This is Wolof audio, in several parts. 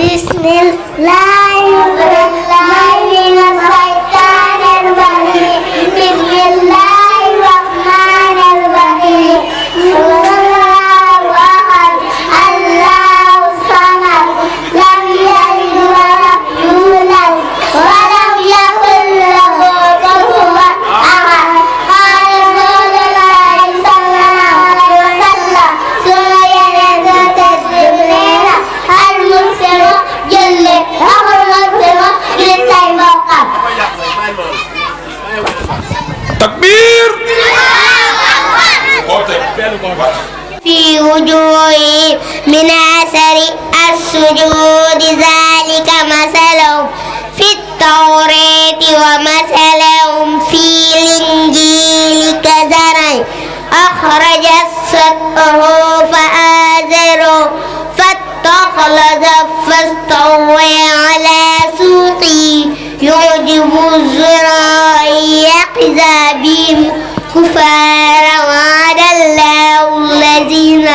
Bismillah. كفارا وعد الله الذين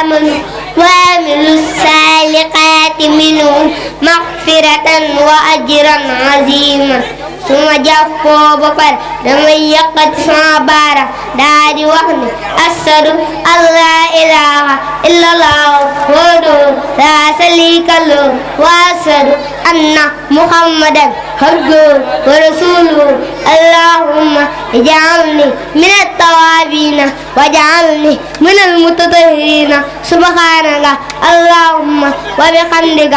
آمنوا وعملوا الصالحات منهم مغفرة وأجرا عظيما su ma jàppoo ba pare damay yëkkati sama baaraam daa di wax ne ashadu an laa ilaaha illallah wahdahu laa sharika lahu wa ashadu anna muhammadan حقه ورسوله اللهم اجعلني من التوابين واجعلني من المتطهرين سبحانك اللهم وبحمدك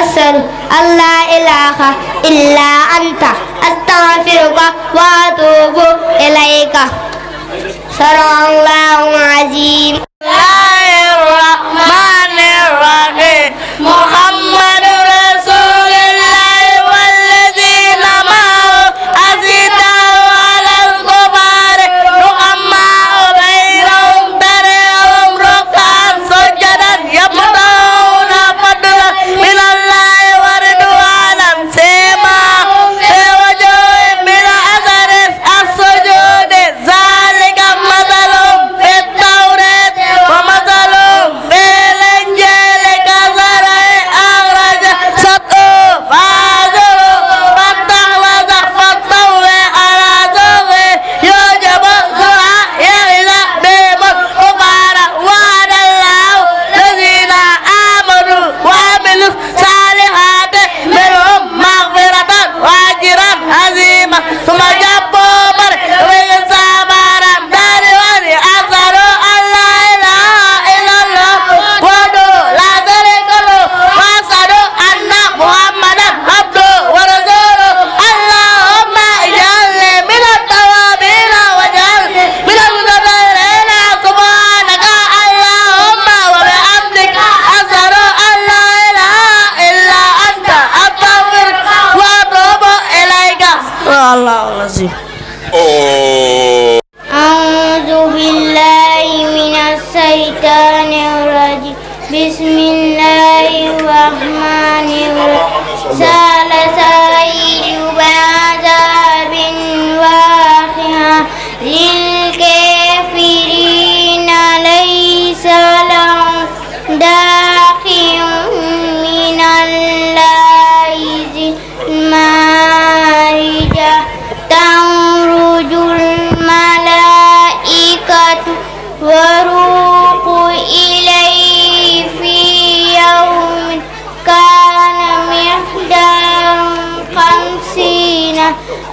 أسأل أن لا إله إلا أنت أستغفرك وأتوب إليك صلى الله العظيم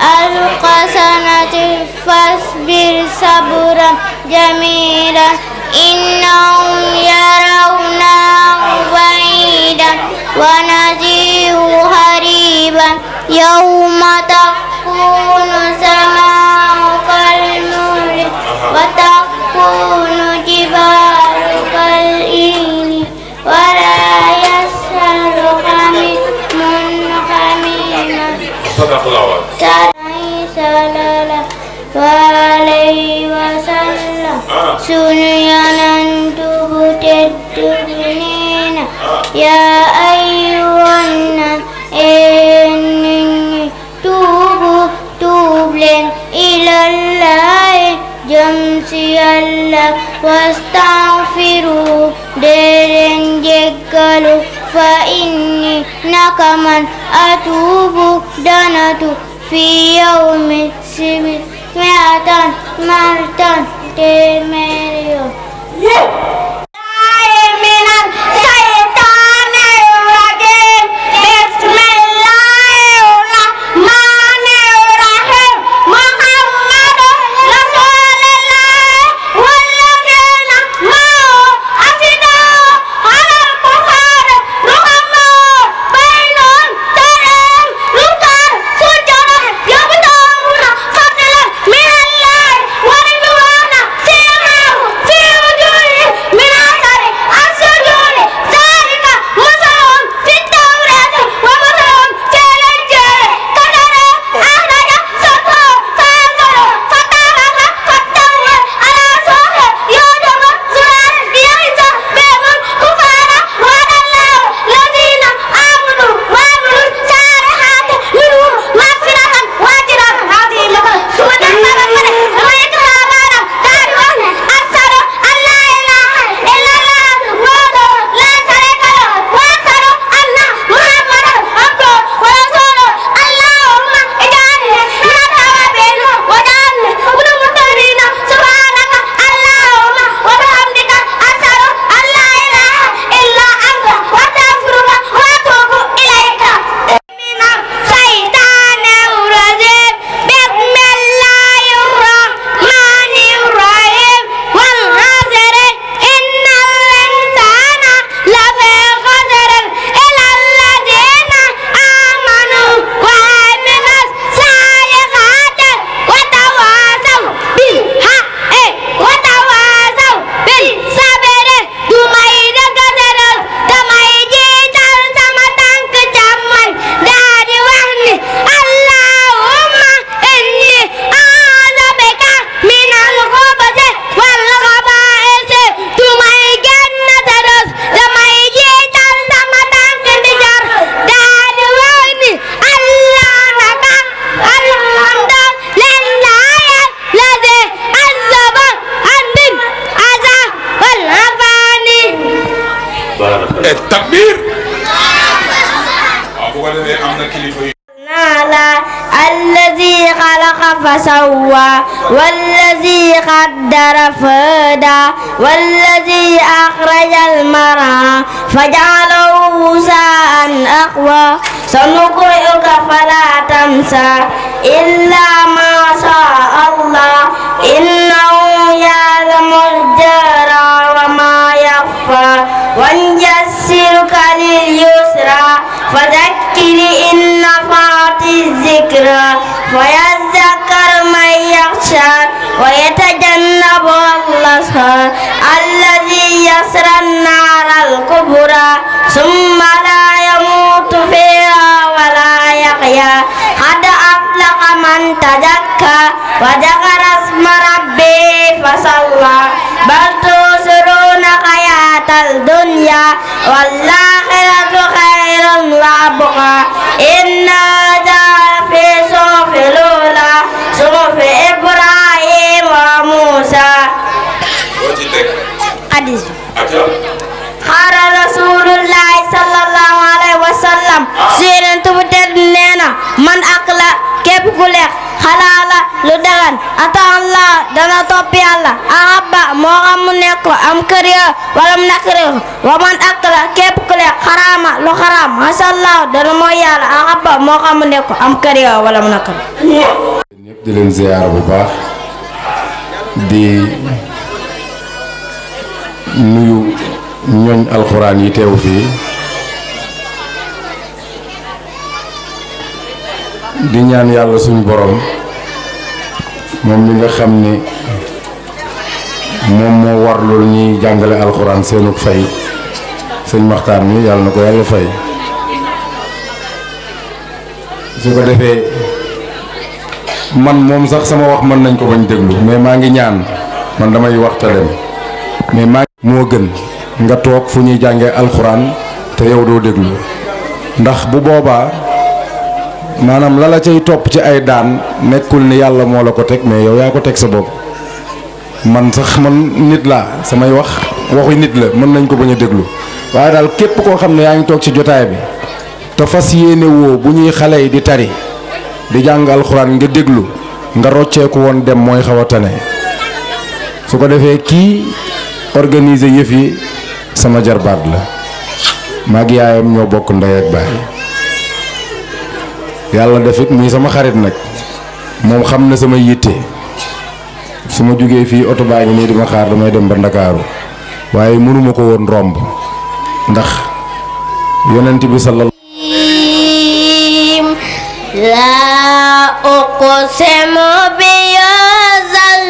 ألف سنة فاصبر صبرا جميلا إنهم يرونه بعيدا ونجيه قريبا يوم تكون سماء sunu yanantu hutettu binina ya ayyuhanna enni tubu tublen ilallahi jamsiyalla wastaghfiru deren jekkalu fa inni nakaman atubu danatu في يوم سمعة مرة دمريو سوى والذي قدر فهدى والذي أخرج المرعى فجعله ساء أقوى سنقرئك فلا تنسى إلا ما شاء الله إنه يعلم الجهر وما يخفى ونيسرك لليسرى فذكر إن نفعت الذكرى فيا الأشقى ويتجنبها الأشقى الذي يصلى النار الكبرى ثم لا يموت فيها ولا يحيا قد أفلح من تزكى وذكر اسم ربه فصلى بل تؤثرون حياة الدنيا والآخرة خير وأبقى إنا xaara rasulullahi sallallahu alayhi wa sallam man ak la képp ku lu dagan ata dana topp yàlla moo xam mu nekk am kër wala mu nekk wa man ak la képp ku lu xaraam masallah dana mooy yàlla moo xam mu nekk am kër wala mu nekk nuyu ñooñ alxuraan yi teew fii di ñaan yàlla suñu borom moom mi nga xam ni moom moo warlul ñuy jàngale alxuraan seenu fay sëñ Maxtaar mi yàlla na ko yàlla fay su ko defee man moom sax sama wax mën nañ ko bañ déglu mais maa ngi ñaan man damay wax te dem mais moo gën nga toog fu ñuy jàngee alxuraan te yow doo déglu ndax bu boobaa maanaam lala la cay topp ci ay daan nekkul ni yàlla moo la ko teg mais yow yaa ko teg sa bopp man sax man nit laa samay wax waxu nit la mën nañ ko bañ a déglu waaye daal képp koo xam ne yaa ngi toog ci jotaay bi te fas yéene woo bu ñuy xale yi di tari di jàng alxuraan nga déglu nga rocceeku woon dem mooy xaw su ko defee kii organiser yëf yi sama jarbaat la maag yaayam ñoo bokk ndey baay yàlla defit muy sama xarit nag moom xam na sama yitte su ma jógee fii oto baa ngi nii di ma xaar damay dem ba ndakaaru waaye mënuma ko woon romb ndax yonent bi sallallahu laa uqsimu bi haazal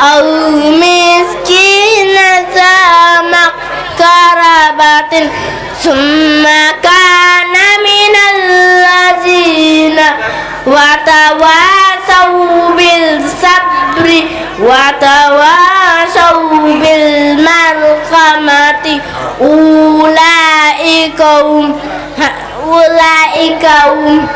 أو مسكينا ذا مقربة ثم كان من الذين وتواصوا بالصبر وتواصوا بالمرحمة أولئك هم أولئك هم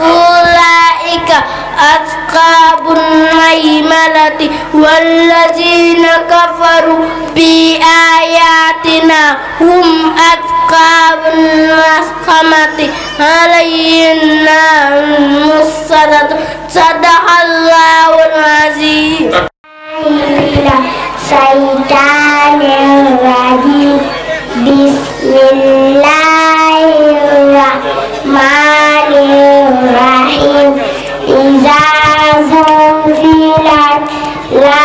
أولئك أصحاب أصحاب الميمنة والذين كفروا بآياتنا هم أصحاب المسخمة عليهم نار مصرة صدق الله العظيم شيطان الرجيم بسم الله waaw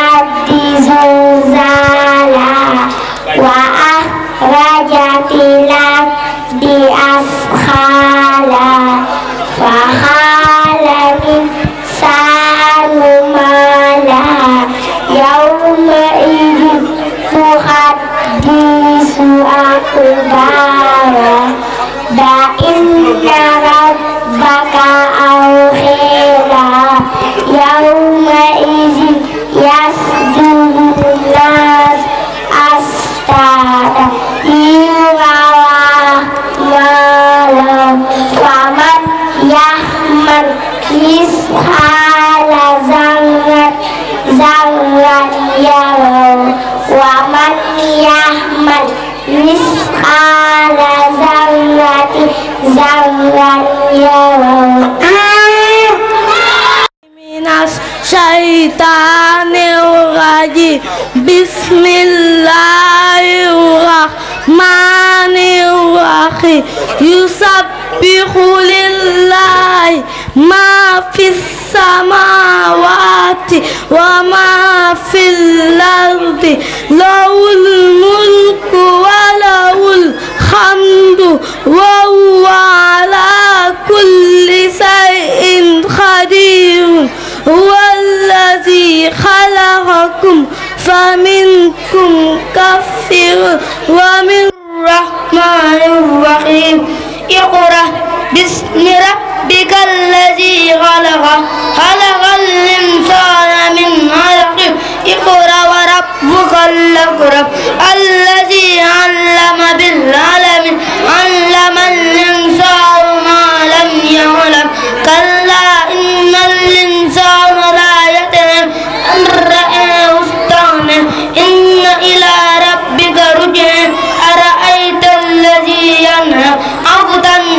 الشيطان الرجيم بسم الله الرحمن الرحيم يسبح لله ما في السماوات وما في الأرض له الملك وله الحمد وهو على كل شيء قدير هو الذي خلقكم فمنكم كفر ومن الرحمن الرحيم اقرأ باسم ربك الذي خلق خلق الإنسان من علق اقرأ وربك الأكرم الذي علم بالعلم علم الإنسان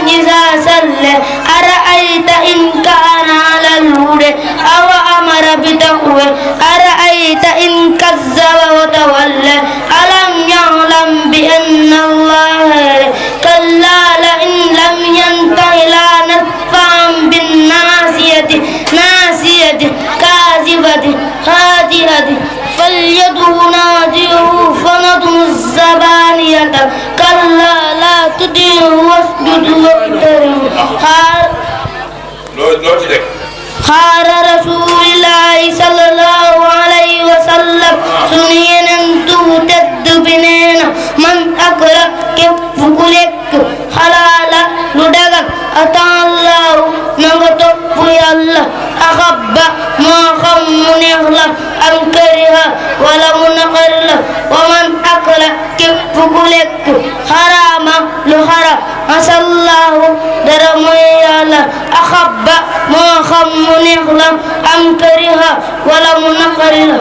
إذا صلى أرأيت إن كان على الهدى أو أمر بتقوى أرأيت إن كذب وتولى ألم يعلم بأن الله كلا لئن لم ينته لنتفعا بالناصية ناصية كاذبة خاطئة فليدعو ناديه فنضم الزبانية كلا لا تدعه واسجد واقترب قال رسول الله صلى الله عليه وسلم سنينا تهتد بنينا من أقرأ كف كلك lekk lu dagal ataallahu na nga topp yàlla axabba moo mu neex am kariha wala mu naqari la akla képp ku lekk lu xaram asallahu dara mooy axabba moo mu neex am kariha wala mu naqari la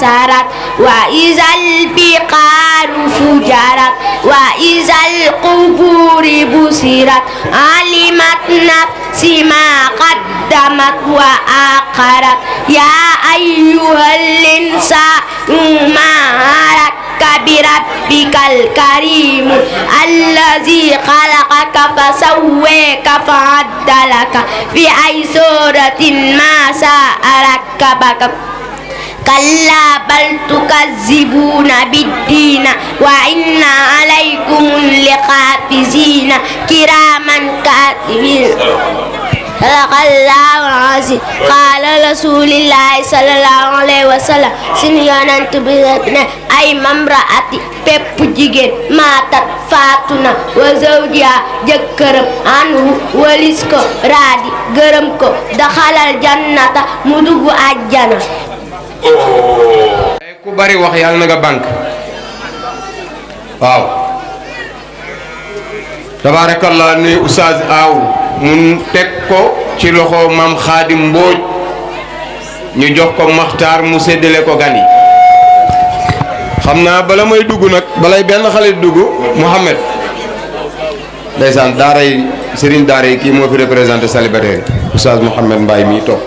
كسرت وإذا البقار فجرت وإذا القبور بسرت علمت نفس ما قدمت وآخرت يا أيها الإنسان ما هلك بربك الكريم الذي خلقك فسواك فعدلك في أي سورة ما شاء ركبك كلا بل تكذبون بالدين وإن عليكم لحافظين كراما كاتبين صدق الله العظيم قال رسول الله صلى الله عليه وسلم suñu yonent bi ne ay mamraati bépp jigéen maatat faatu na wa zawjiha jëkkëram anhu walis ko raadi gërëm ko daxalal jannata mu dugg àjjana ku bari wax yàlla na bank waaw tabaarakallaa nuyu oustaz aaw mun teg ko ci loxo maam xaadim mbooj ñu jox ko maxtaar mu seddale ko gan yi xam naa bala may dugg nag balay benn xale dugg Mouhamed ndeysaan daara yi sëriñ daara yi kii moo fi représenté célibataire oustaz Mouhamed Mbaye mii toog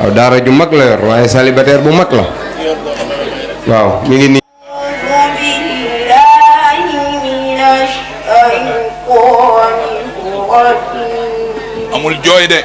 waaw daara ju mag la yor waaye célibataire bu mag la waaw mi ngi nii amul jooy de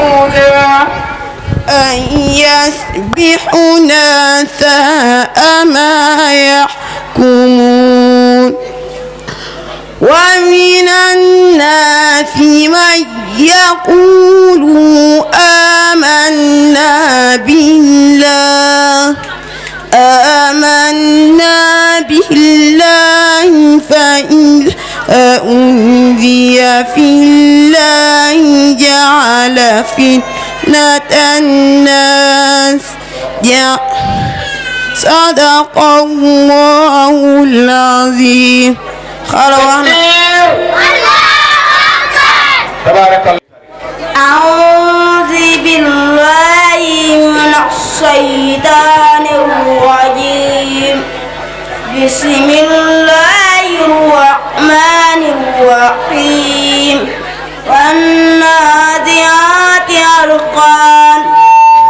يسبحنا أن يسبحنا ساء ما يحكمون ومن الناس من يقول آمنا بالله آمنا بالله فإذا أنذي في الله وفتنة الناس يا صدق الله العظيم خلونا تبارك الله أعوذ بالله من الشيطان الرجيم بسم الله الرحمن الرحيم والناديات عرقا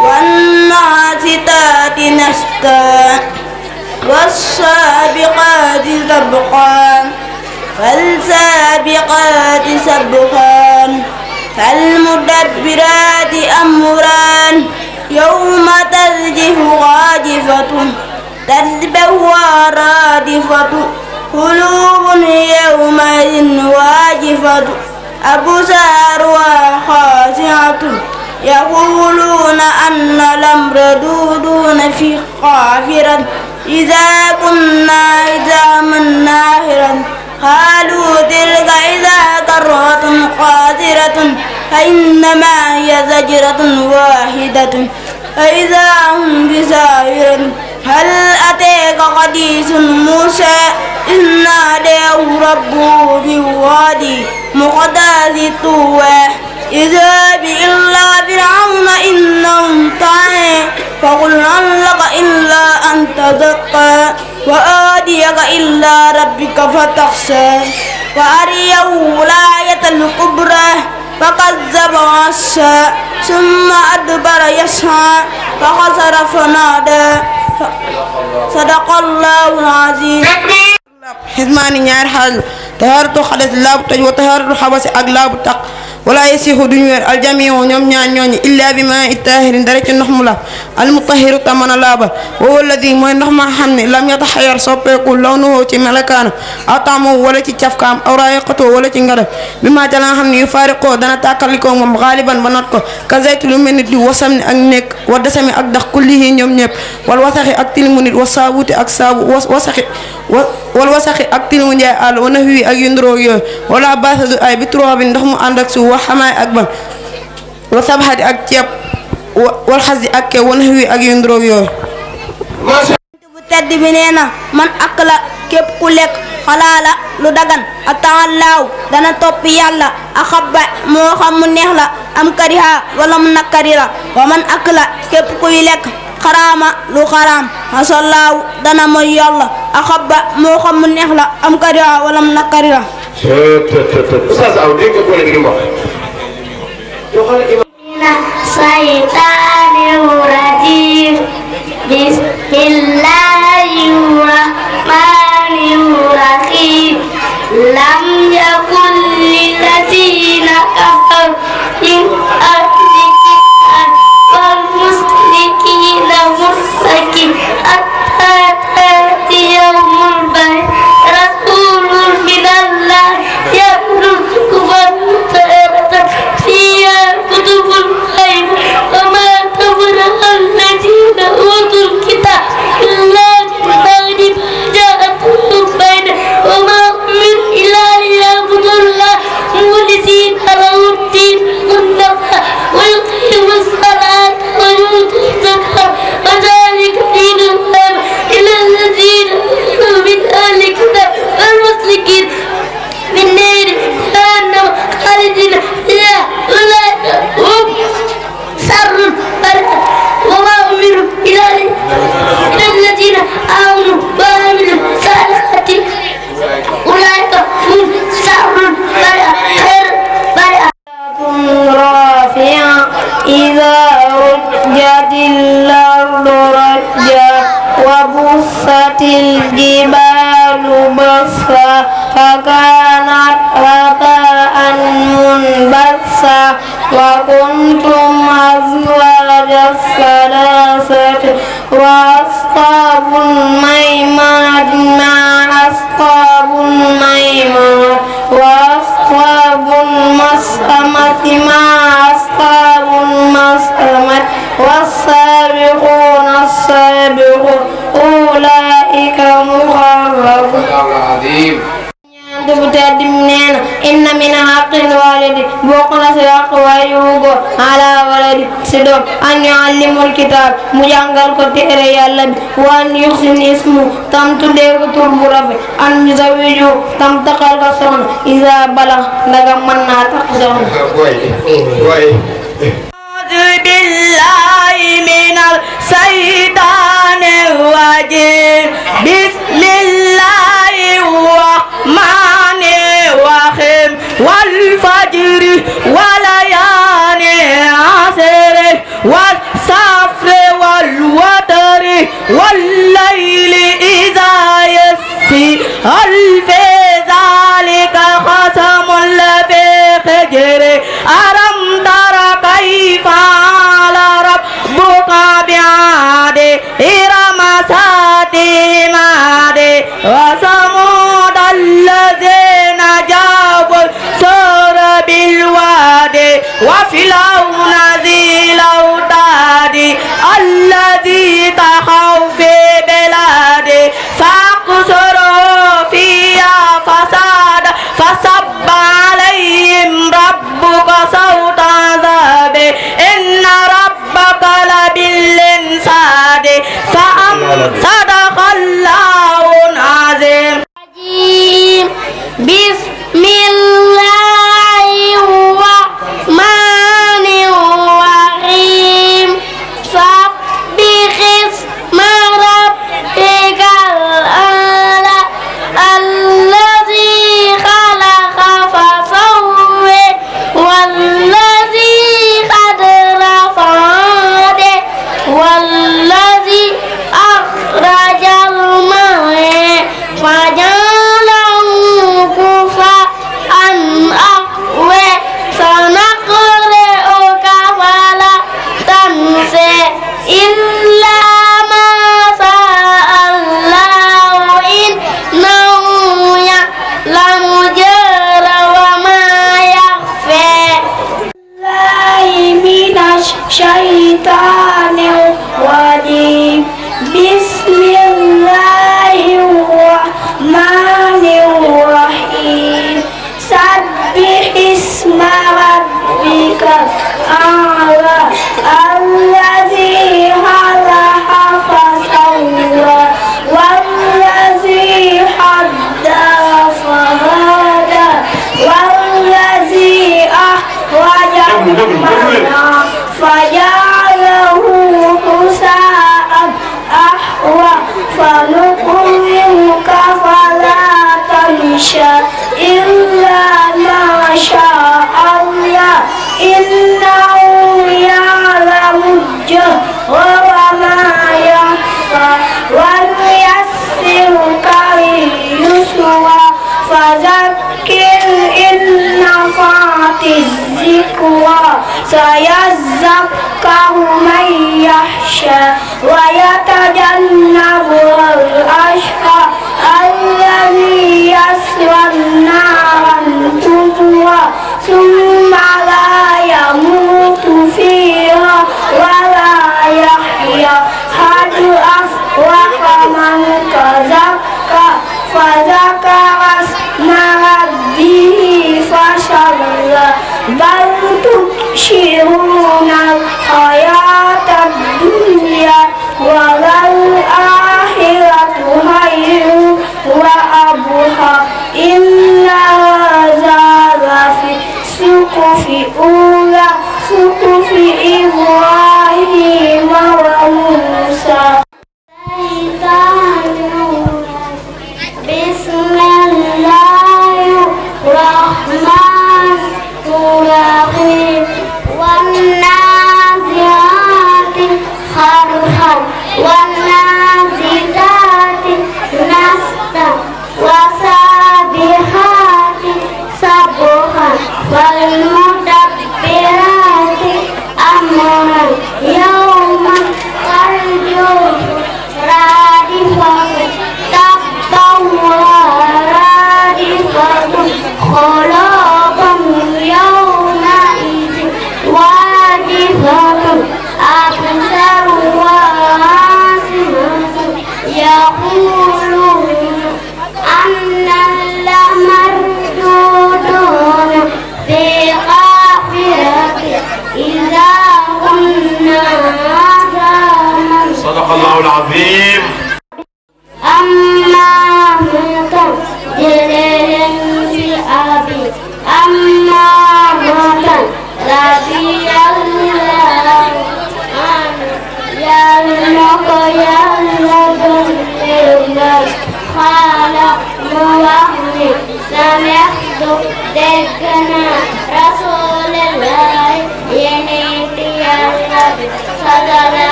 والناشطات نشطا والسابقات سبقا فالسابقات سبقا فالمدبرات أمرا يوم ترجف غاجفة تتبوى رادفة قلوب يومئذ واجفة أبصارها خاشعة يقولون أن الأمر دودون في قافرا إذا كنا عظاما ناهرا قالوا تلك إذا كرة قاصرة فإنما هي زجرة واحدة فإذا هم بساهرة هل أتاك حديث موسى إذ ناداه ربه بالوادي مقدس طوى اذهب إلا فرعون إنه طغى فقل هل لك إلا أن تزكى وآتيك إلا ربك فتخشى وأريه الآية الكبرى فكذب وعصى ثم أدبر يسعى فخسر فنادى صدق الله العظيم xismaani ñaari xaal la taharatu xadas laabu taj wa taharatu xabasi ak laabu taq wala yasihu duñ wér aljamiu ñoom ñaar ñooñu illa bi ma ittahirin dara ci ndox mu la almutahiru ta mën a laabal woowa ndox ma xam ne lam yataxayar soppeeku lawnuhu ci melakaanu aw taamu wala ci cafkaam aw raayaqatoo wala ci ngarab bi maa ca la nga xam ne yu faariqoo dana tàkkalikoo moom xaaliban ba not ko ka zaytu lu mel nit di wasam ni ak nekk wa desami ak dax kullihi ñoom ñëpp wal wasaxi ak tilimu nit wa saabuti ak saabu wasaxi wal wasaxi ak tilimu njaay àll wa nax wi ak yunduroo yooyu wala baasadu ay bi ndox mu ànd wa xamaay ak ban wa sabxadi ak ceeb wal xasdi ak kew wa naxwi ak yu ndróog yooyu bu tedd bi nee na man ak la képp ku lekk xalaala lu dagan a dana topp yàlla a xabba moo xam mu neex la am kariha wala mu nakari wa man ak la kuy lekk xaraama lu xaraam asallaaw dana mooy yàlla a moo xam mu neex am kariha wala mu nakari tëb tëb tëb tëb oustaz aw dégg nga boole bi li mu wax. joxal imam. saytaani rajim bismillahi rahmani rahim lam yakun lilladina kafaru min ahli kitab wal musrikina mursakin hatta yawmul bayt si doom an yuallimul kitaab mu jàngal ko téere yàlla bi wa an yuxsin ismu tam tuddee ko tur bu rafet an yuzawiju tam takkal ko soxna isa balax ndaga mën naa takk soxna بالله من الشيطان الرجيم بسم الله الرحمن الرحيم والفجر ولا والسفر والوتر والليل إذا يسفي هل في ذلك قسم الذي طغوا في بلادي فاقصروا فيها فسادا فصب عليهم ربك صوت عذاب إن ربك لبالإنساد فأم صدق الشيطان الرجيم بسم الله الرحمن الرحيم سبح اسم ربك أعلى الذي خلق فسوى والذي حدى فهدى والذي أخرج المنى فجعل فذكر إن نفعت الذكرى سيذكر من يخشى ويتجنبها الأشقى الذي يصلى النار الكبرى ثم لا يموت وذكر اسم ربه فصلى بل تبشرون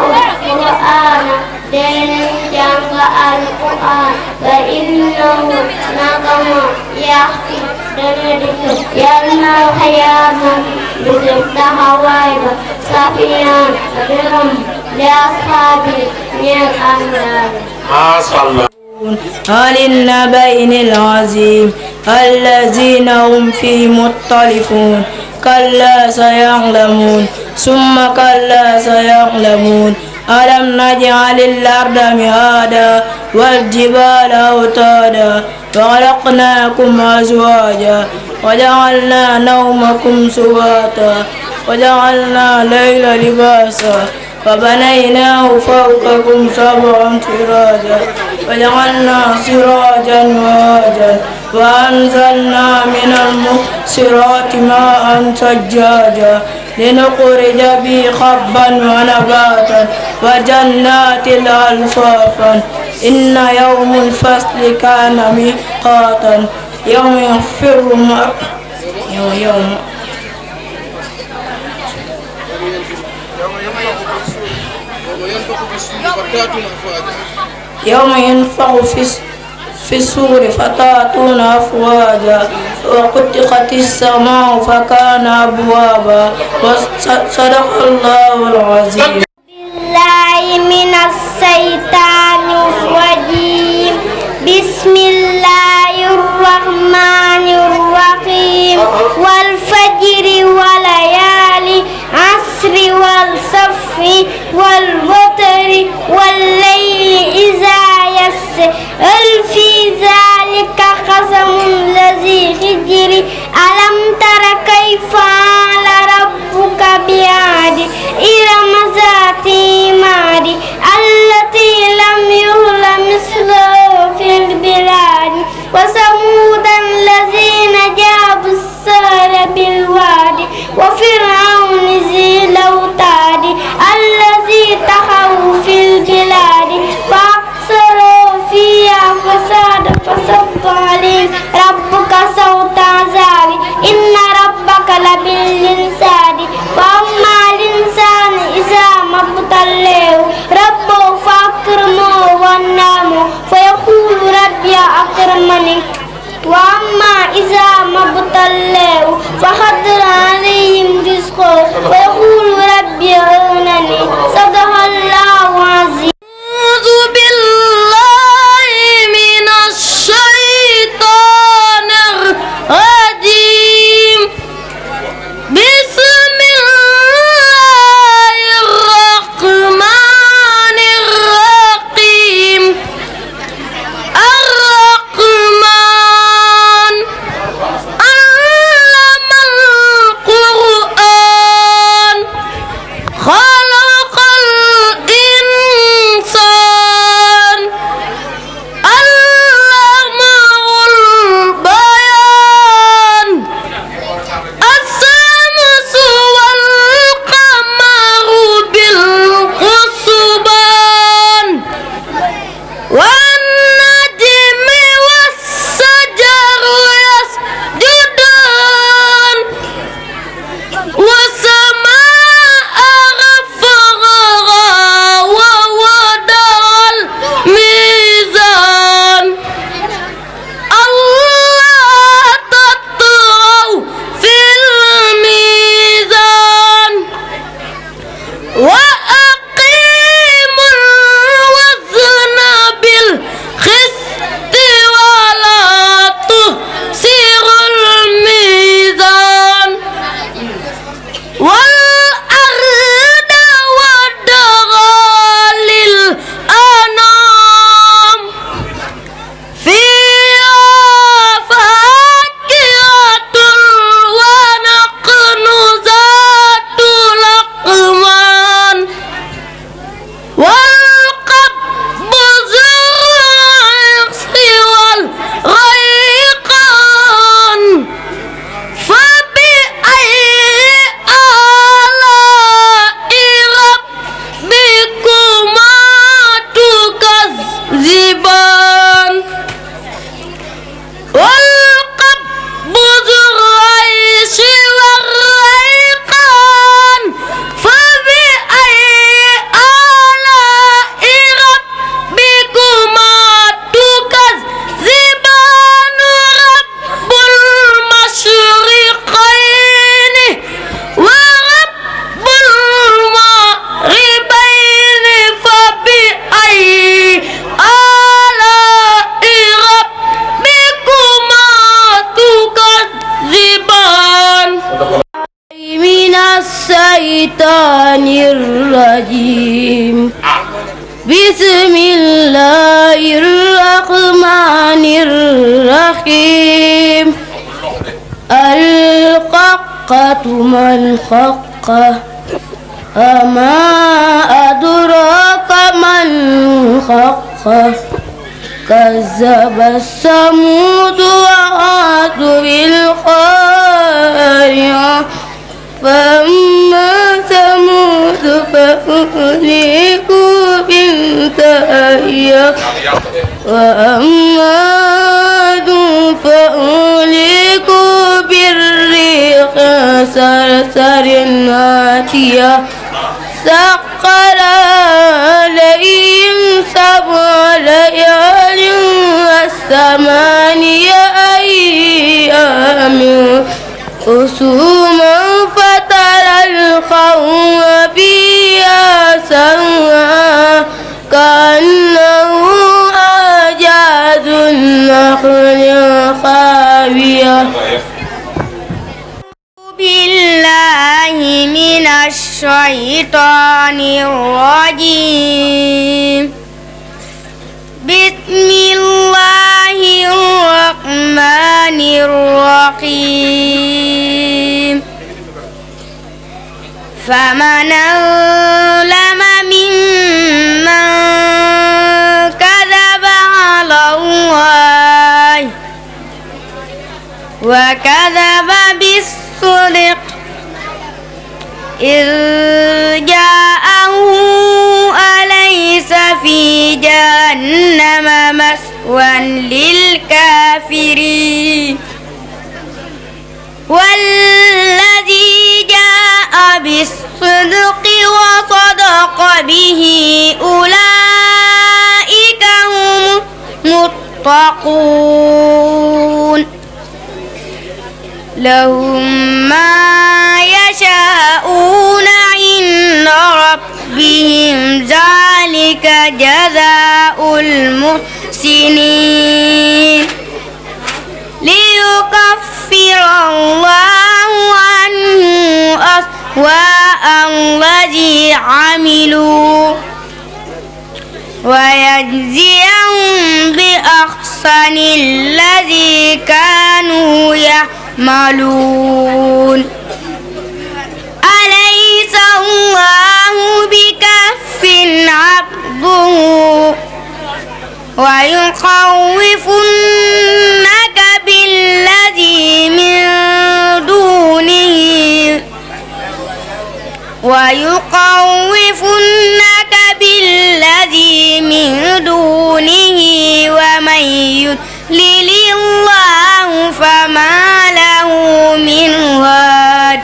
القرآن دين جنب القرآن فإنه نقم يحكي دندك يلنا الخيام بزبط هوايب صفيان رم لأصحابي من الأمراض ما شاء الله عن النبأ العظيم الذين هم فيه مختلفون كلا سيعلمون ثم كلا سيعلمون ألم نجعل الأرض مهادا والجبال أوتادا وخلقناكم أزواجا وجعلنا نومكم سباتا وجعلنا الليل لباسا وبنيناه فوقكم سبعا سراجا وجعلنا سراجا وهاجا وأنزلنا من المقصرات ماء ثجاجا لنخرج به حبا ونباتا وجنات ألفافا إن يوم الفصل كان ميقاتا يوم يغفر يوم يوم يوم ينفخ في في السور فتأتون أفواجا وفتحت السماء فكان أبوابا صدق الله العظيم بالله من الشيطان الرجيم بسم الله الرحمن الرحيم والفجر وليالي والعصر والصف والوتر والليل إذا نفس هل في ذلك قسم الذي خجري ألم تر كيف فعل ربك بعاد إرم ذات عماد التي لم يهل مثله في البلاد وثمود الذين جابوا السهر بالوادي وفرعون ذي الأوتاد الذي تخوا في البلاد الفساد فصب عليهم ربك صوت عذاب إن ربك لبالإنسان فأما الإنسان إذا ما ابتلاه ربه فأكرمه ونعمه فيقول ربي أكرمني وأما إذا ما ابتلاه فقدر عليهم رزقه ويقول ربي أهنني صدق الله العظيم أعوذ بالله لهم ما يشاءون عند ربهم ذلك جزاء المحسنين ليكفر الله عنه أسوأ الذي عملوا ويجزيهم بأحسن الذي كانوا يعملون تعملون أليس الله بكف عبده ويخوفنك بالذي من دونه ويخوفنك بالذي من دونه ومن يتق يضلل الله فما له من هاد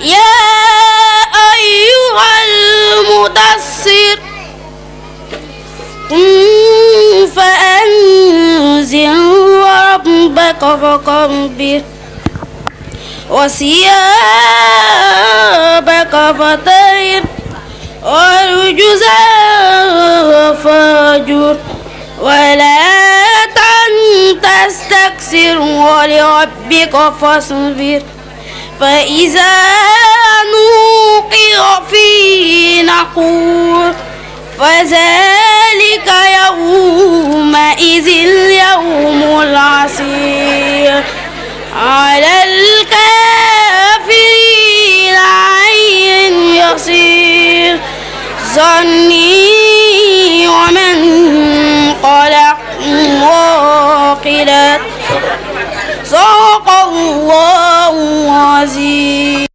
يا أيها المدثر قم فأنزل وربك فكبر وثيابك فطهر والرجز فاجر ولا تستكثر ولربك فاصبر فإذا نوقر في نقور فذلك يومئذ اليوم العسير على الكافرين عين يصير ظني ومن قلق واقلت صدق الله العظيم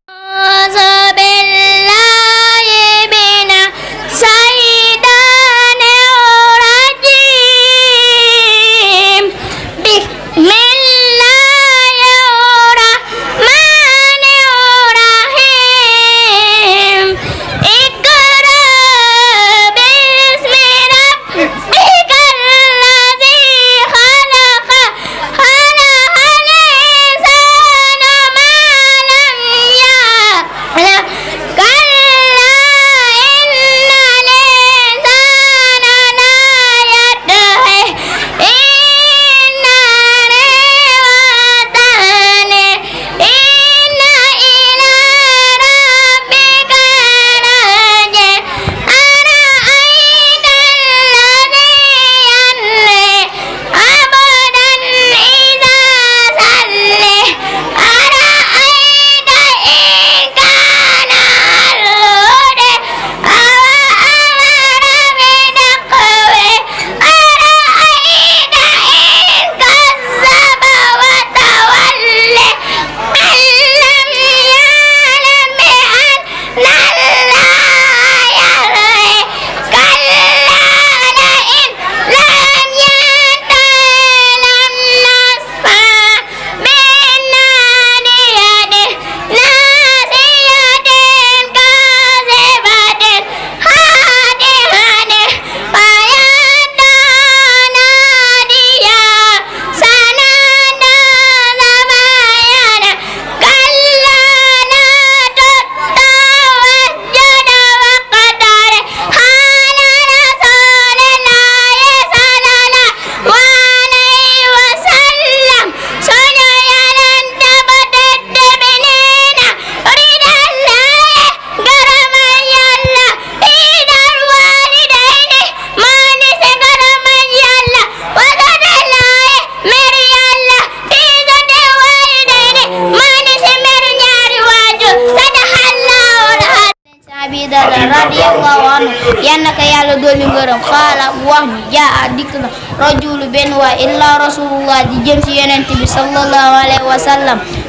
rajulu benn waay illa rasulullah di jëm si bi sallallahu alayhi wa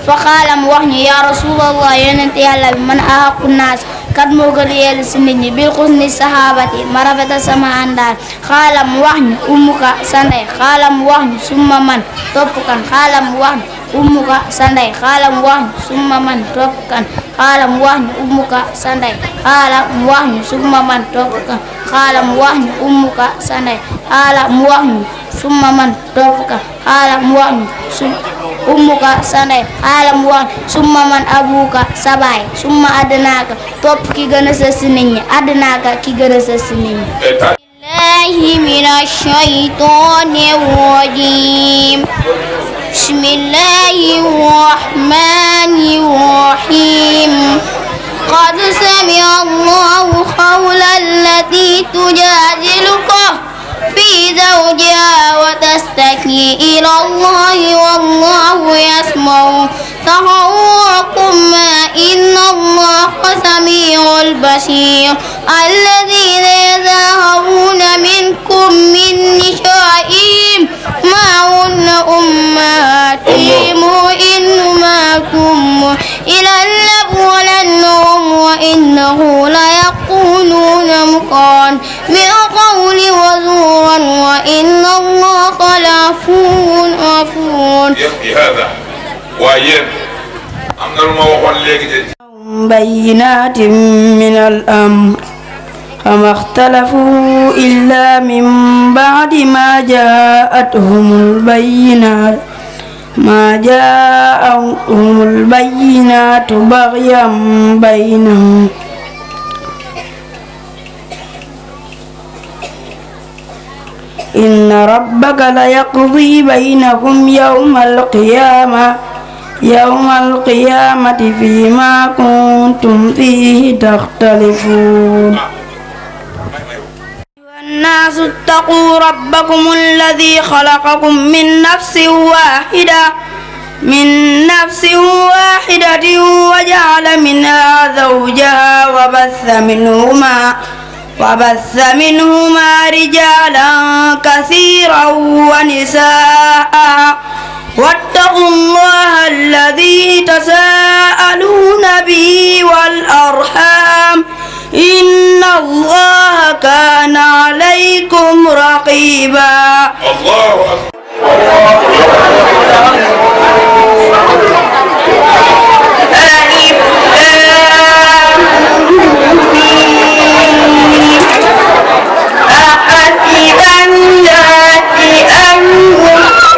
fa qaala mu wax ñu yaa rasulallah bi man ahaqu naas kat moo gën a yell si bil xusni sahabati ma rafetal sama àndaar xaala mu wax ummuka sa ndey xaala mu wax ñu summa man topp kan xaala summa man topp xaala mu wax ñu ummuka sa ndey xaala mu wax ñu summa man topp ka xaala mu wax ñu ummuka sa ndey xaala mu wax ñu summa man topp ka xaala mu wax ñu su ummuka sa ndey xaala mu wax summa man abuka sa baay summa adnaaka topp ki gën a sës si nit ñi adnaaka ki gën a sës si nit ñi billahi mina shaytaani rajiim بسم الله الرحمن الرحيم قد سمع الله قول التي تجادلك في زوجها وتستكي إلى الله والله يسمع تحركما إن الله سميع البصير الذين يظهرون منكم من نسائهم ما هن أمهاتهم إنما كم إلى لأبولنهم وإنه ليقولون مقال من قول وزور عفوا وإن الله لعفو غفور بهذا وأيام أمر ما وقال لك بينات من الأمر فما اختلفوا إلا من بعد ما جاءتهم البينات ما جاءهم البينات بغيا بينهم إن ربك ليقضي بينهم يوم القيامة يوم القيامة فيما كنتم فيه تختلفون الناس اتقوا ربكم الذي خلقكم من نفس واحدة من نفس واحدة وجعل منها زوجها وبث منهما وبث منهما رجالا كثيرا ونساء واتقوا الله الذي تساءلون به والأرحام إن الله كان عليكم رقيبا الله أكبر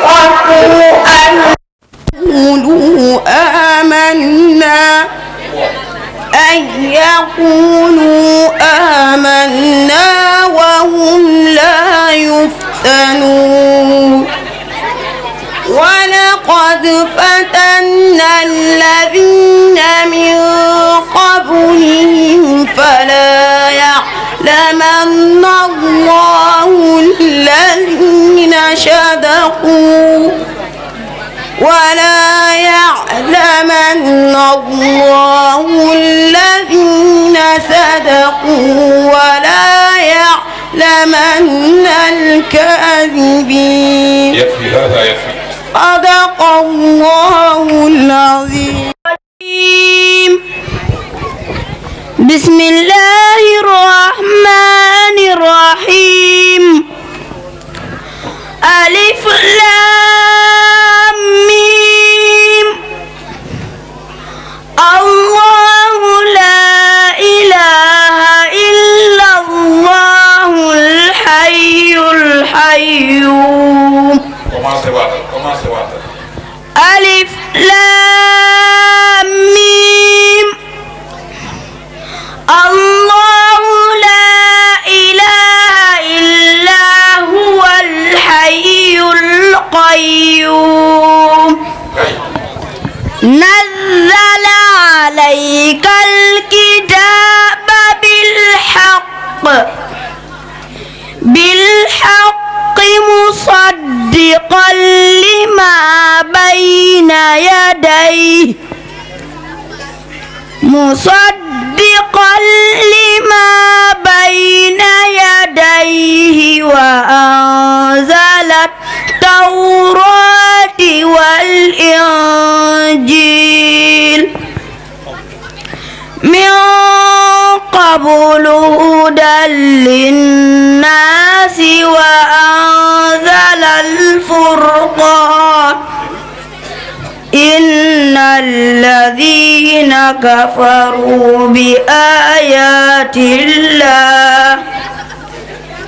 أشركوا أن يقولوا آمنا أن يقولوا آمنا وهم لا يفتنون ولقد فتنا الذين من قبلهم فلا يعلمون لمن الله الذين صدقوا ولا يعلمن الله الذين صدقوا ولا يعلمن الكاذبين يكفي هذا يكفي صدق الله العظيم بسم الله الرحمن الرحمن الرحيم ألف لام ميم الله لا إله إلا الله الحي الحيوم ألف لام ميم الله القيوم نزل عليك الكتاب بالحق بالحق مصدقا لما بين يديه مصدقا لما بين يديه وأنزلت التوراة والإنجيل من قبل هدى للناس وأنزل الفرقان إن الذين كفروا بآيات الله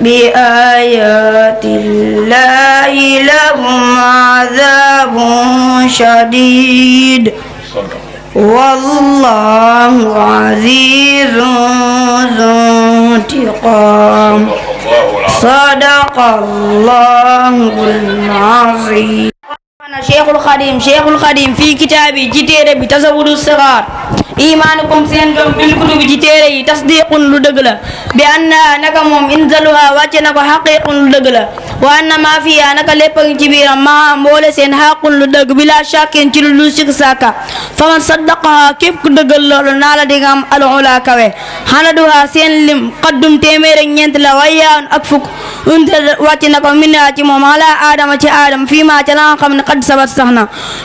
بآيات الله لهم عذاب شديد والله عزيز ذو انتقام صدق الله العظيم شيخ الخديم شيخ الخديم في كتابي جتير بتزود الصغار imaanukum seen gëm bil kutubi ci téere yi tasdiqun lu dëgg la bi anna naka moom inzaluha wàcce na ko xaqiqun lu dëgg la wa anna maa fiya naka lépp a ngi ci biiram maa mboole seen xaqun lu dëgg bila shakkin ci lu lu sik sàkka faman saddaqaha képp ku dëggal loolu naa la di nga am al ula kawe xanaduha seen lim xaddum téeméer ak ñeent la wayyaan ak fukk unta wàcc na ko min ci moom ala aadama ci aadam fii ma ca la nga xam ne xad sabat sax na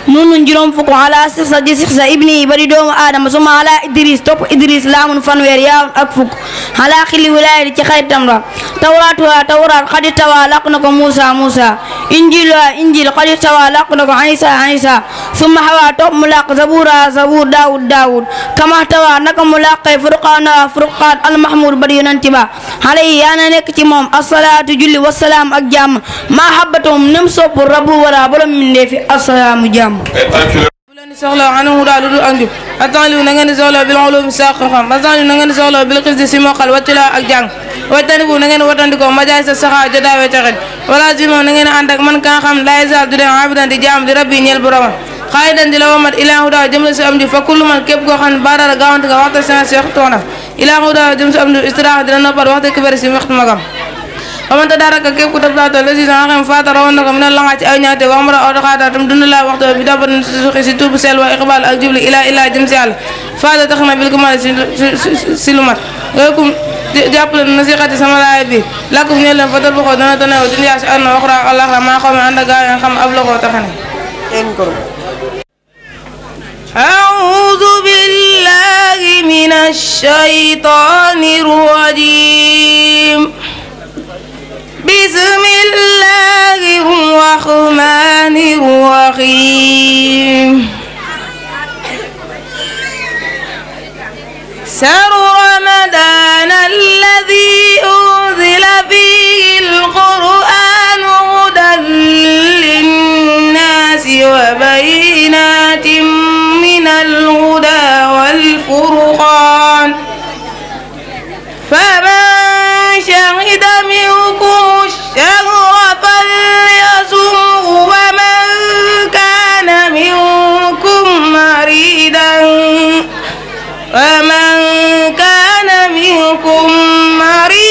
nunun juróom fukk ala six sa di six sa ibni yi bari doomu aadama suma ala idris topp idris laamun fanweer yaawun ak fukk ala xili wilaayati ci xaritam la tawraatuha tawraat xadi tawa laq na ko muusa muusa injiluha injil xadi tawa laq na ko isa isa suma hawa topp mu laq zabuura zabuur daawud daawud kama tawa naka mu laqee furqaana furqaan almahmud bari yonanti ba xale yi yaa na nekk ci moom asalaatu julli wasalaam ak jàmm maa habbatum nem sopp rabu wara borom mindee fi asalaamu jàmm ni soxla anamu daa ludul ak njub attenliu na ngeen di soxla bil ulum sa xam-xam si moqal waccula ak man ka xam lay sal du dem di jaam di rabbi ñeel boromam xaayi di la ilaahu daa jëm si am di fa kullu man képp koo xam ne baadara gaawante nga waxta sena si waxtu ilaahu daa jëm si am di istiraax dina noppal waxta kibari si waxtu magam famanta daraka képp ku def laa toll si sa xam faata rawoon na ko mi ne la ngaa ci ay ñaate wax mara a xaataa tam dund laa waxtu bi dabar suxi si tuub seel wa ak jubli ilaa ilaa jëm si yàlla faata tax bil kumaale si si lu mat ngaykum jàppale na si xati sama laayit bi lakkum ñëw leen fa bu xoo dana tanew dun yaa si adna waxra alaxra maa xaw ma ànd ak xam ab loxoo taxane أعوذ بالله من الشيطان الرجيم بسم الله الرحمن الرحيم سر رمضان الذي أنزل فيه القرآن هدى للناس وبينات من الهدى والفرقان فمن شهد منكم ومن كان منكم مريضا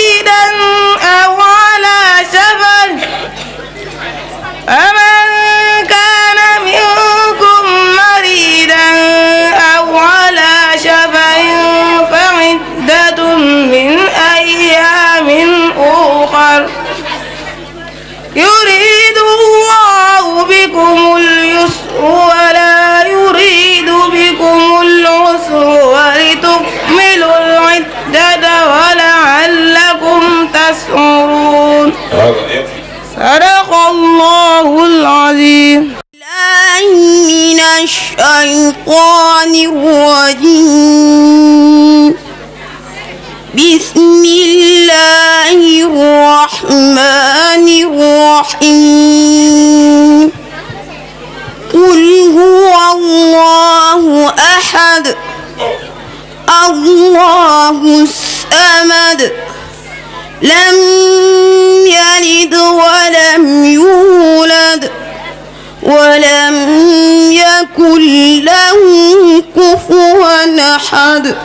يسعرون صدق الله العظيم من الشيطان الرجيم بسم الله الرحمن الرحيم قل هو الله أحد الله الصمد لم يلد ولم يولد ولم يكن له كفوا أحد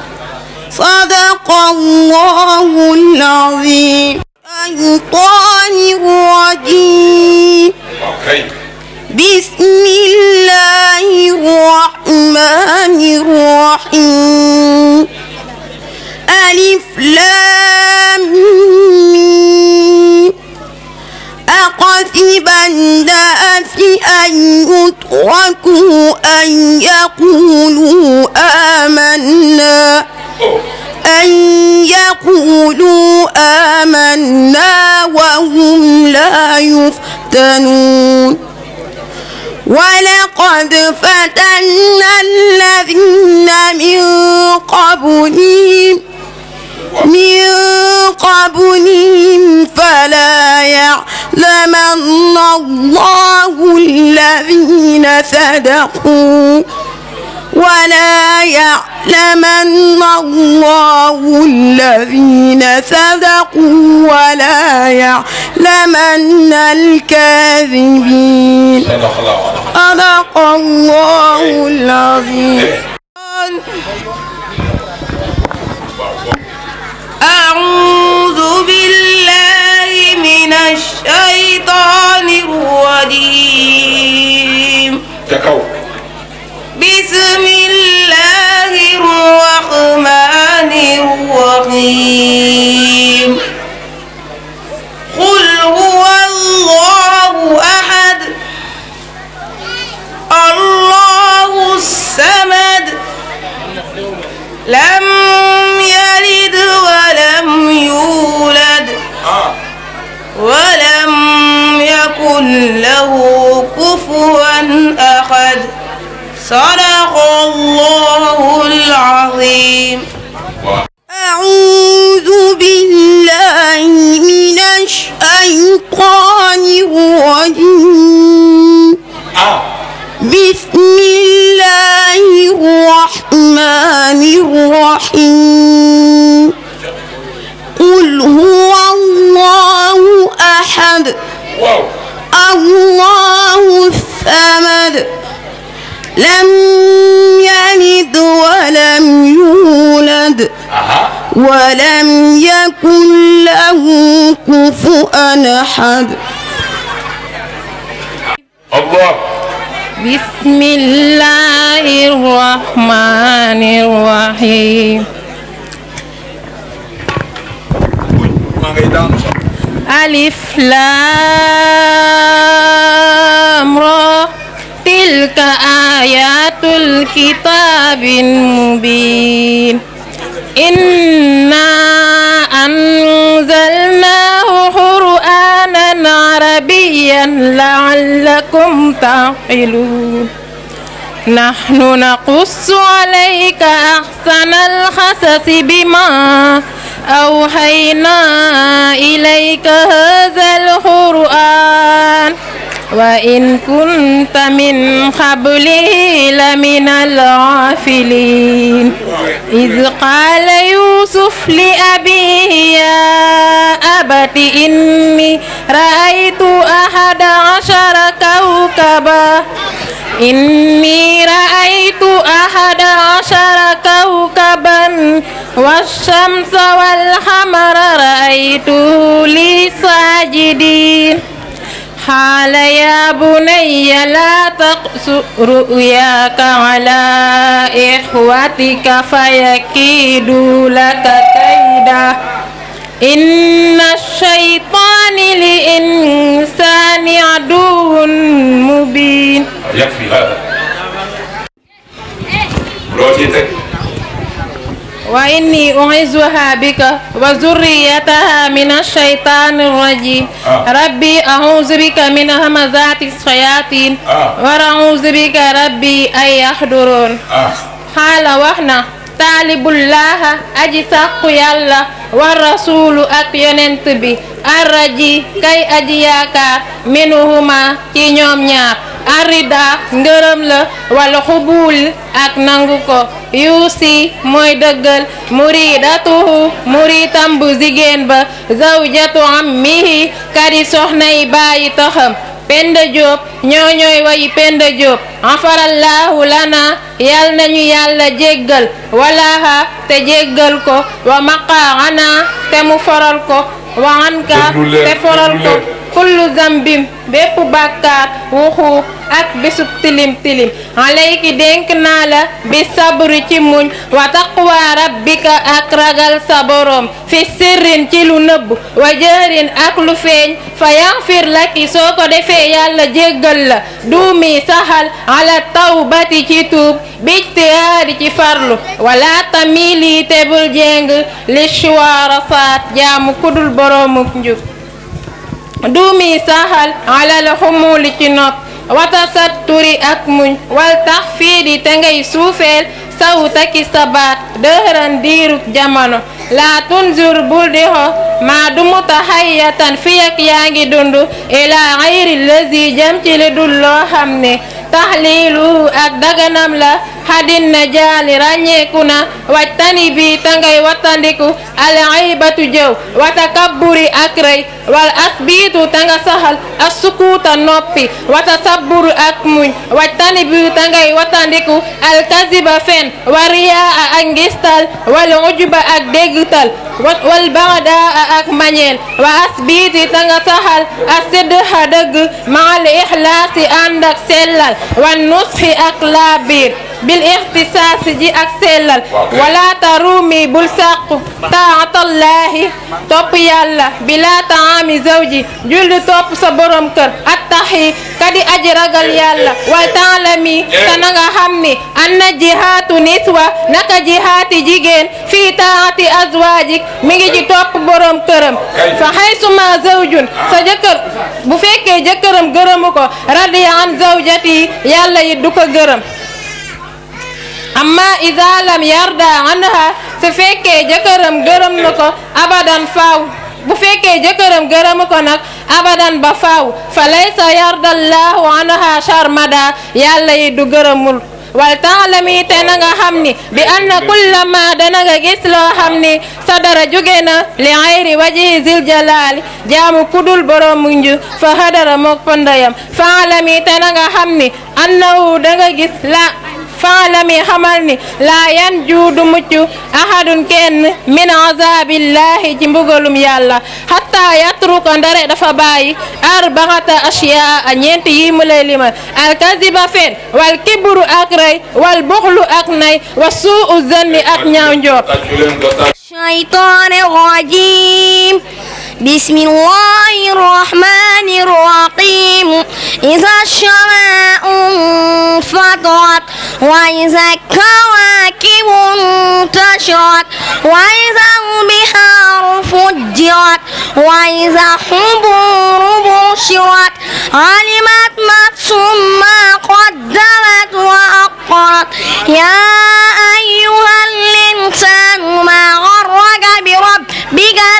صدق الله العظيم الشيطان الرجيم بسم الله الرحمن الرحيم ألف لام أقثب الناس أن يتركوا أن يقولوا آمنا أن يقولوا آمنا وهم لا يفتنون ولقد فتنا الذين من قبلهم من قبلهم فلا يعلمن الله الذين صدقوا ولا يعلمن الله الذين صدقوا ولا يعلمن الكاذبين صدق الله العظيم أعوذ بالله من الشيطان الرجيم بسم الله الرحمن الرحيم قل هو الله أحد الله الصمد لم يكن له كفوا أحد صدق الله العظيم أعوذ بالله من الشيطان الرجيم بسم الله الرحمن الرحيم قل هو الله أحد الله الثمد لم يلد ولم يولد ولم يكن له كفؤا أحد الله بسم الله الرحمن الرحيم ألف لام را تلك آيات الكتاب المبين إنا أنزلناه قرآنا عربيا لعلكم تعقلون نحن نقص عليك أحسن القصص بما أوحينا إليك هذا القرآن وإن كنت من قبله لمن الغافلين إذ قال يوسف لأبيه يا أبت إني رأيت أحد عشر كوكبا إني رأيت أحد عشر كوكبا والشمس والحمر رأيته لي ساجدين قال يا بني لا تقص رؤياك على إخوتك فيكيدوا لك كيدا إن الشيطان لإنسان عدو مبين يكفي هذا وإني أعزها بك وذريتها من الشيطان الرجيم آه. ربي أعوذ بك من همزات الشياطين آه. وأعوذ بك ربي أن يحضرون آه. حال وحنا taalibullaaha aji sàkku yàlla wa rasuulu ak yonent bi arraji kay aji yaakaar minuhuma ci ñoom ñaar arida ngërëm la wala xubul ak nangu ko yuusi mooy dëggal muridatuhu muritam bu jigéen ba zawjatu ammihi kari soxnay bàyyi taxam Penda Diop ñoo ñooy wayi Penda Diop afarallaahu lana yal nañu yàlla jéggal walaaha te jéggal ko wa maqaana te mu foral ko wa anka te foral ko kullu zambim bépp bàkkaar wuxu ak bésub tilim tilim alayki dénk naa la bi sabri ci muñ wa taqwa rabbika ak ragal sa borom fi sirrin ci lu nëbb wa jërin ak lu feeñ fa yaxfir laki soo ko defee yàlla jéggal la duumi saxal ala tawbati ci tuub bijtihaadi ci farlu wala tamili tebul jeng li shuwarasaat jaamu kudul boroomu njub duumi saxal ala xumuli ci nopp watasaturi ak muñ wal tax fii di te ngay suufeel sawutaki sa baat dëhëran diiru jamono laa tunzur bul di xo dumuta xayyatan fi yaa ngi dund ilaa xayri lazi jëm ci li dul loo xam ne taxliilu ak daganam la xadin na jaali ràññeeku na wajtani bi wattandiku al aybatu jëw wa takabburi ak rëy wal asbiitu ta nga as sukuuta noppi wa tasabburu ak muñ wajtani bi wattandiku al kaziba fen wa riyaa ak ngistal wal ujuba ak dégg dégtal wal baxdaa ak mañeel wa asbiiti ta nga saxal a sidxa dëgg maal ixlaasi ànd ak sellal wa nusxi ak laabiir bil ixtisaasi ji ak sellal wala tarumi bul sàqu taatallaahi topp yàlla bila taami zawji julli topp sa borom kër attaxi kadi aji ragal yàlla wal taalami te na nga xam ni anna jihaatu niswa naka jihaati jigéen fii taati azwaajik mi ngi ci topp borom këram fa xaysuma zawjun sa jëkkër bu fekkee jëkkëram gërëmu ko radiya an zawjati yàlla yit du ko gërëm amma ida yarda anha su fekkee jëkkëram gërëm na ko abadan faaw bu fekkee jëkkëram gërëm ko nag abadan ba faw fa laysa yardallaahu anha sharmada yàlla yi du gërëmul wal taalami te na nga xam ni bi anna kullama dana nga gis loo xam ni sadara jóge na li xayri waji zil jaamu kudul borom nju fa hadara mook pëndayam faalami te na nga ni annahu da gis la faalami xamal ni laa yan juu du mucc ahadun kenn min azabillahi ci mbugalum yàlla xatta yatruka ndare dafa bàyyi arbaxata asiyaa ñeent yi mu lay limal alkaziba fen wal kibru ak rëy wal buxlu ak nay wa suu zanni ak ñaaw njoot shaytaane rajiim بسم الله الرحمن الرحيم إذا الشماء انفطرت وإذا الكواكب انتشرت وإذا البحار فجرت وإذا الحبور بشرت علمت نفس ما قدمت وأقرت يا أيها الإنسان ما غرك بربك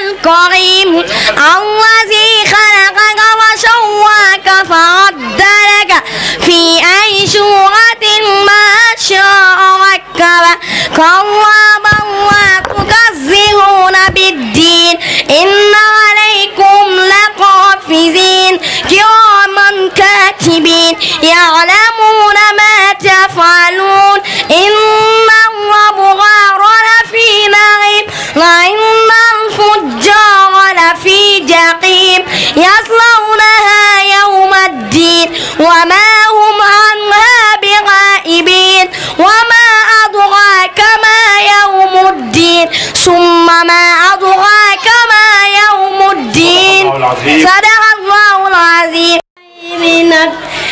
الكريم الذي خلقك وسواك فعدلك في أي سورة ما شاء ركبك كرم الله تكذبون بالدين إن عليكم لقافزين كراما كاتبين يعلم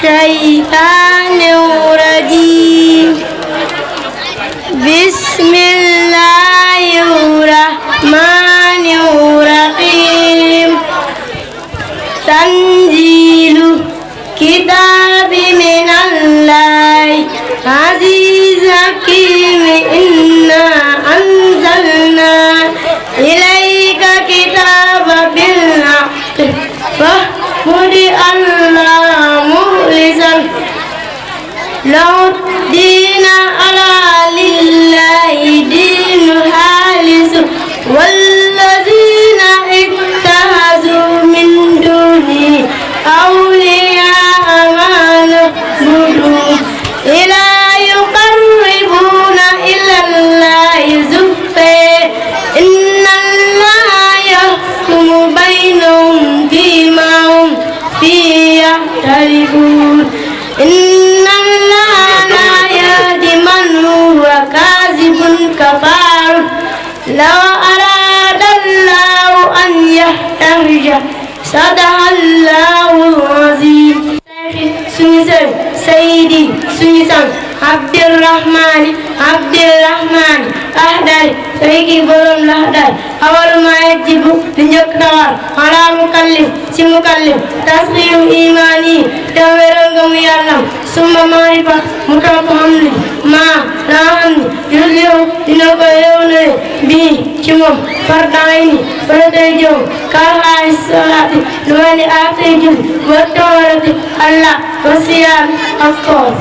الشيطان الرجيم بسم الله الرحمن الرحيم تنزيل كتاب من الله عزيز حكيم إن لو كفار لو أراد الله أن يهتج صدق الله العظيم سيدي سيدي سيدي عبد الرحمن عبد الرحمن أهدر ريكي بولم لهدر أول ما يجب لنجوك دوار على مكلم سي مكلم تصغير إيماني تغير غم يعلم ثم معرفة متوقع حمد ma laa xam ne yuslihu dina ko yeewalee bii ci moom fardaay ni fële day jëm kaaxaay solaati lu mel ni aatay wa tawrati allah wa siyaam ak koor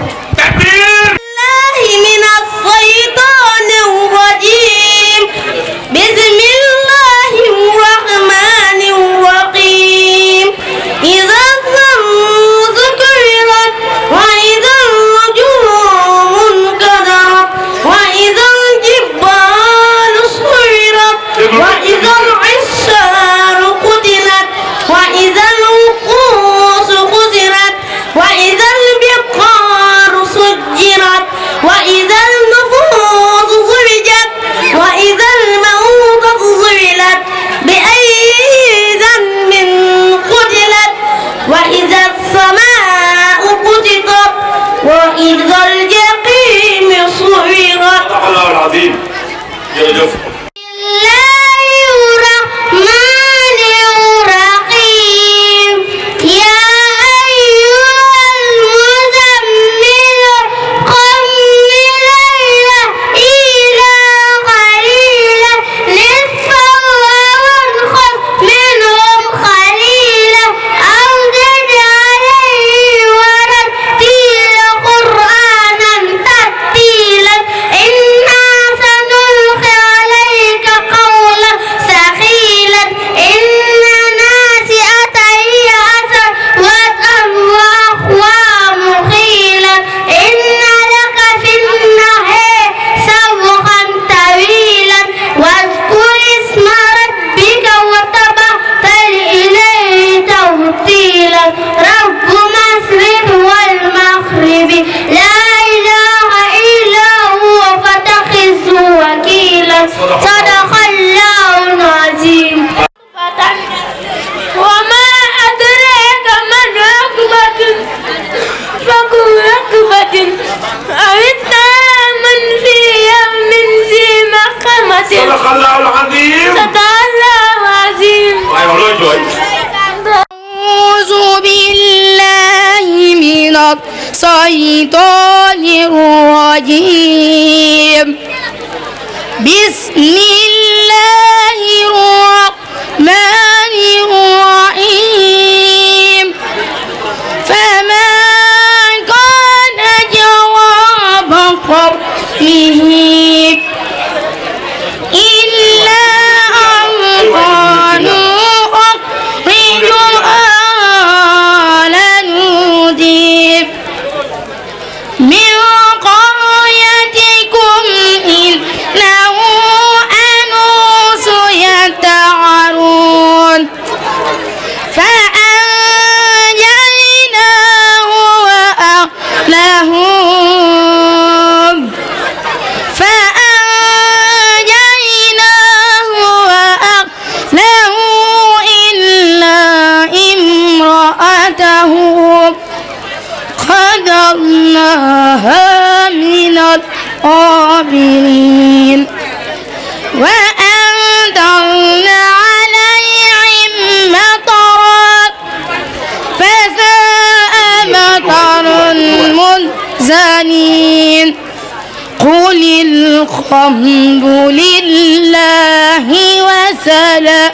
الحمد لله وسلام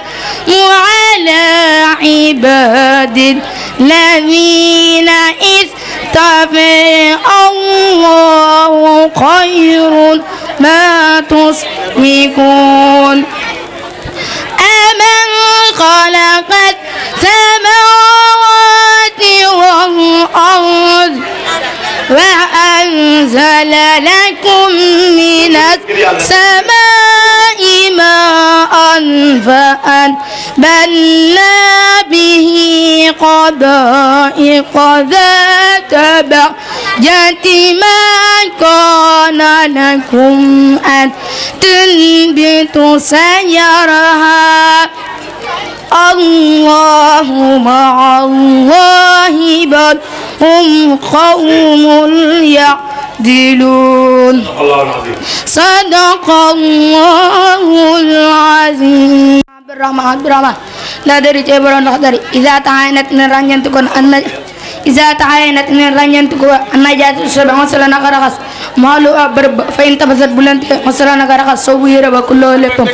على عباد الذين اصطفى الله خير ما تصفقون أمن خلق السماوات والأرض وأنزل لنا من السماء ماء فأنبلنا به قضائق ذات بهجة ما كان لكم أن تنبتوا شجرها الله مع الله بل هم قوم يعلمون تعدلون صدق الله العظيم عبد الرحمن عبد الرحمن لا دري جبران لا دري إذا تعينت من رنجن تكون أن إذا تعينت من رنجن تكون أن جات الشبع مثلا غرغس مالو برب fa in tabasat bu leen tee masala naka raxas soobu yére ba kulloo léppam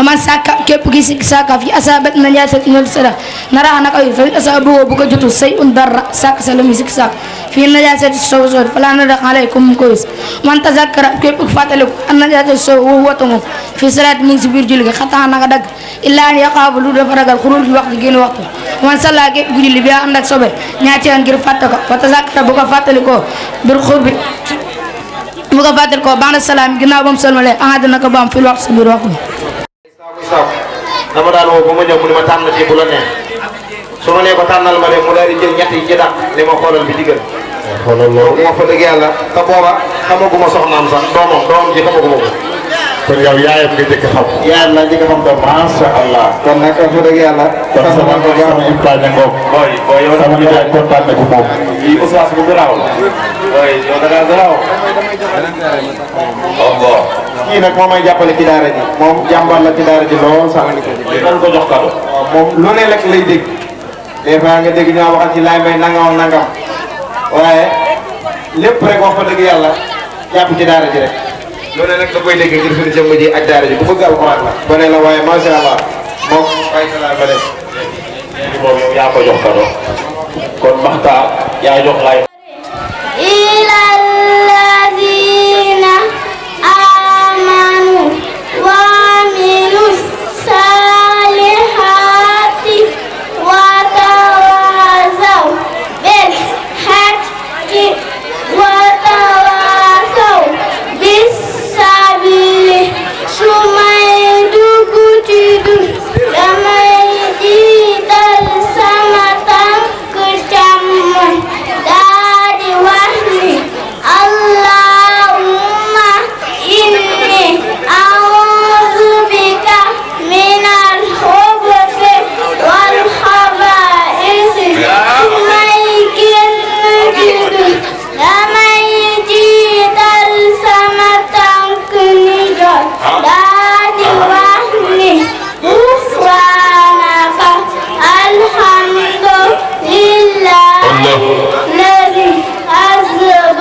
aman saka képp ki sik saka fi asabat na ñol sada na raxa naka wi fa in asaboo bu ko jotu say un darra saka sa lami sik sak fi najaasat soobu soot fala na rax alaykum mu ko wis man tazakkara képp ki fàttaliku an najaasat soobu woo watango fi salaat mi ngi si biir julli gi xataa naka dagg illaa an yaqaabu lu dafa ragal xurul fi waxtu génn waxtu man salla mu a fàttali ko baana salaam ginnaaw ba mu sëlmalee ah dina ko baam fii wax si biir wax bi. dama daan woo ba ma ñëw mu ne ma tànn fii bu la neex su ma nee ko tànnal ma ne mu daal yi ci dàq li ma xoolal bi digal. xoolal loolu moo fa dëgg yàlla te booba xamaguma soxnaam sax doomam doomam ji xamaguma ko. kon yow yaayam nga njëkk xam. yaayam la njëkk xam doom. macha allah. kon nag wax dëgg yàlla. kon sama sama implant ne ngoog. booy booy yow sama nijaay kontaan na ci moom. yi oustaz bu garaaw la. Oh, kii nag moom may jàppale ci daara ji. moom jàmbaar la ci daara ji lool sax. dinañ ko jox kado. moom lu ne rek lay dégg. des fois nga dégg ñoo waxal ci laay may nangam nangam. waaye lépp rek wax ko dëgg yàlla jàpp ci daara ji rek. lu ne nag da koy dégg ngir suñu jëmm ji ak daara ji ku bëgg alxuraan la. ba ne la waaye macha allah moom waaye salaam ba def. léegi moom yow yaa ko jox kado kon Maxta yaa jox laay. الذي أذهب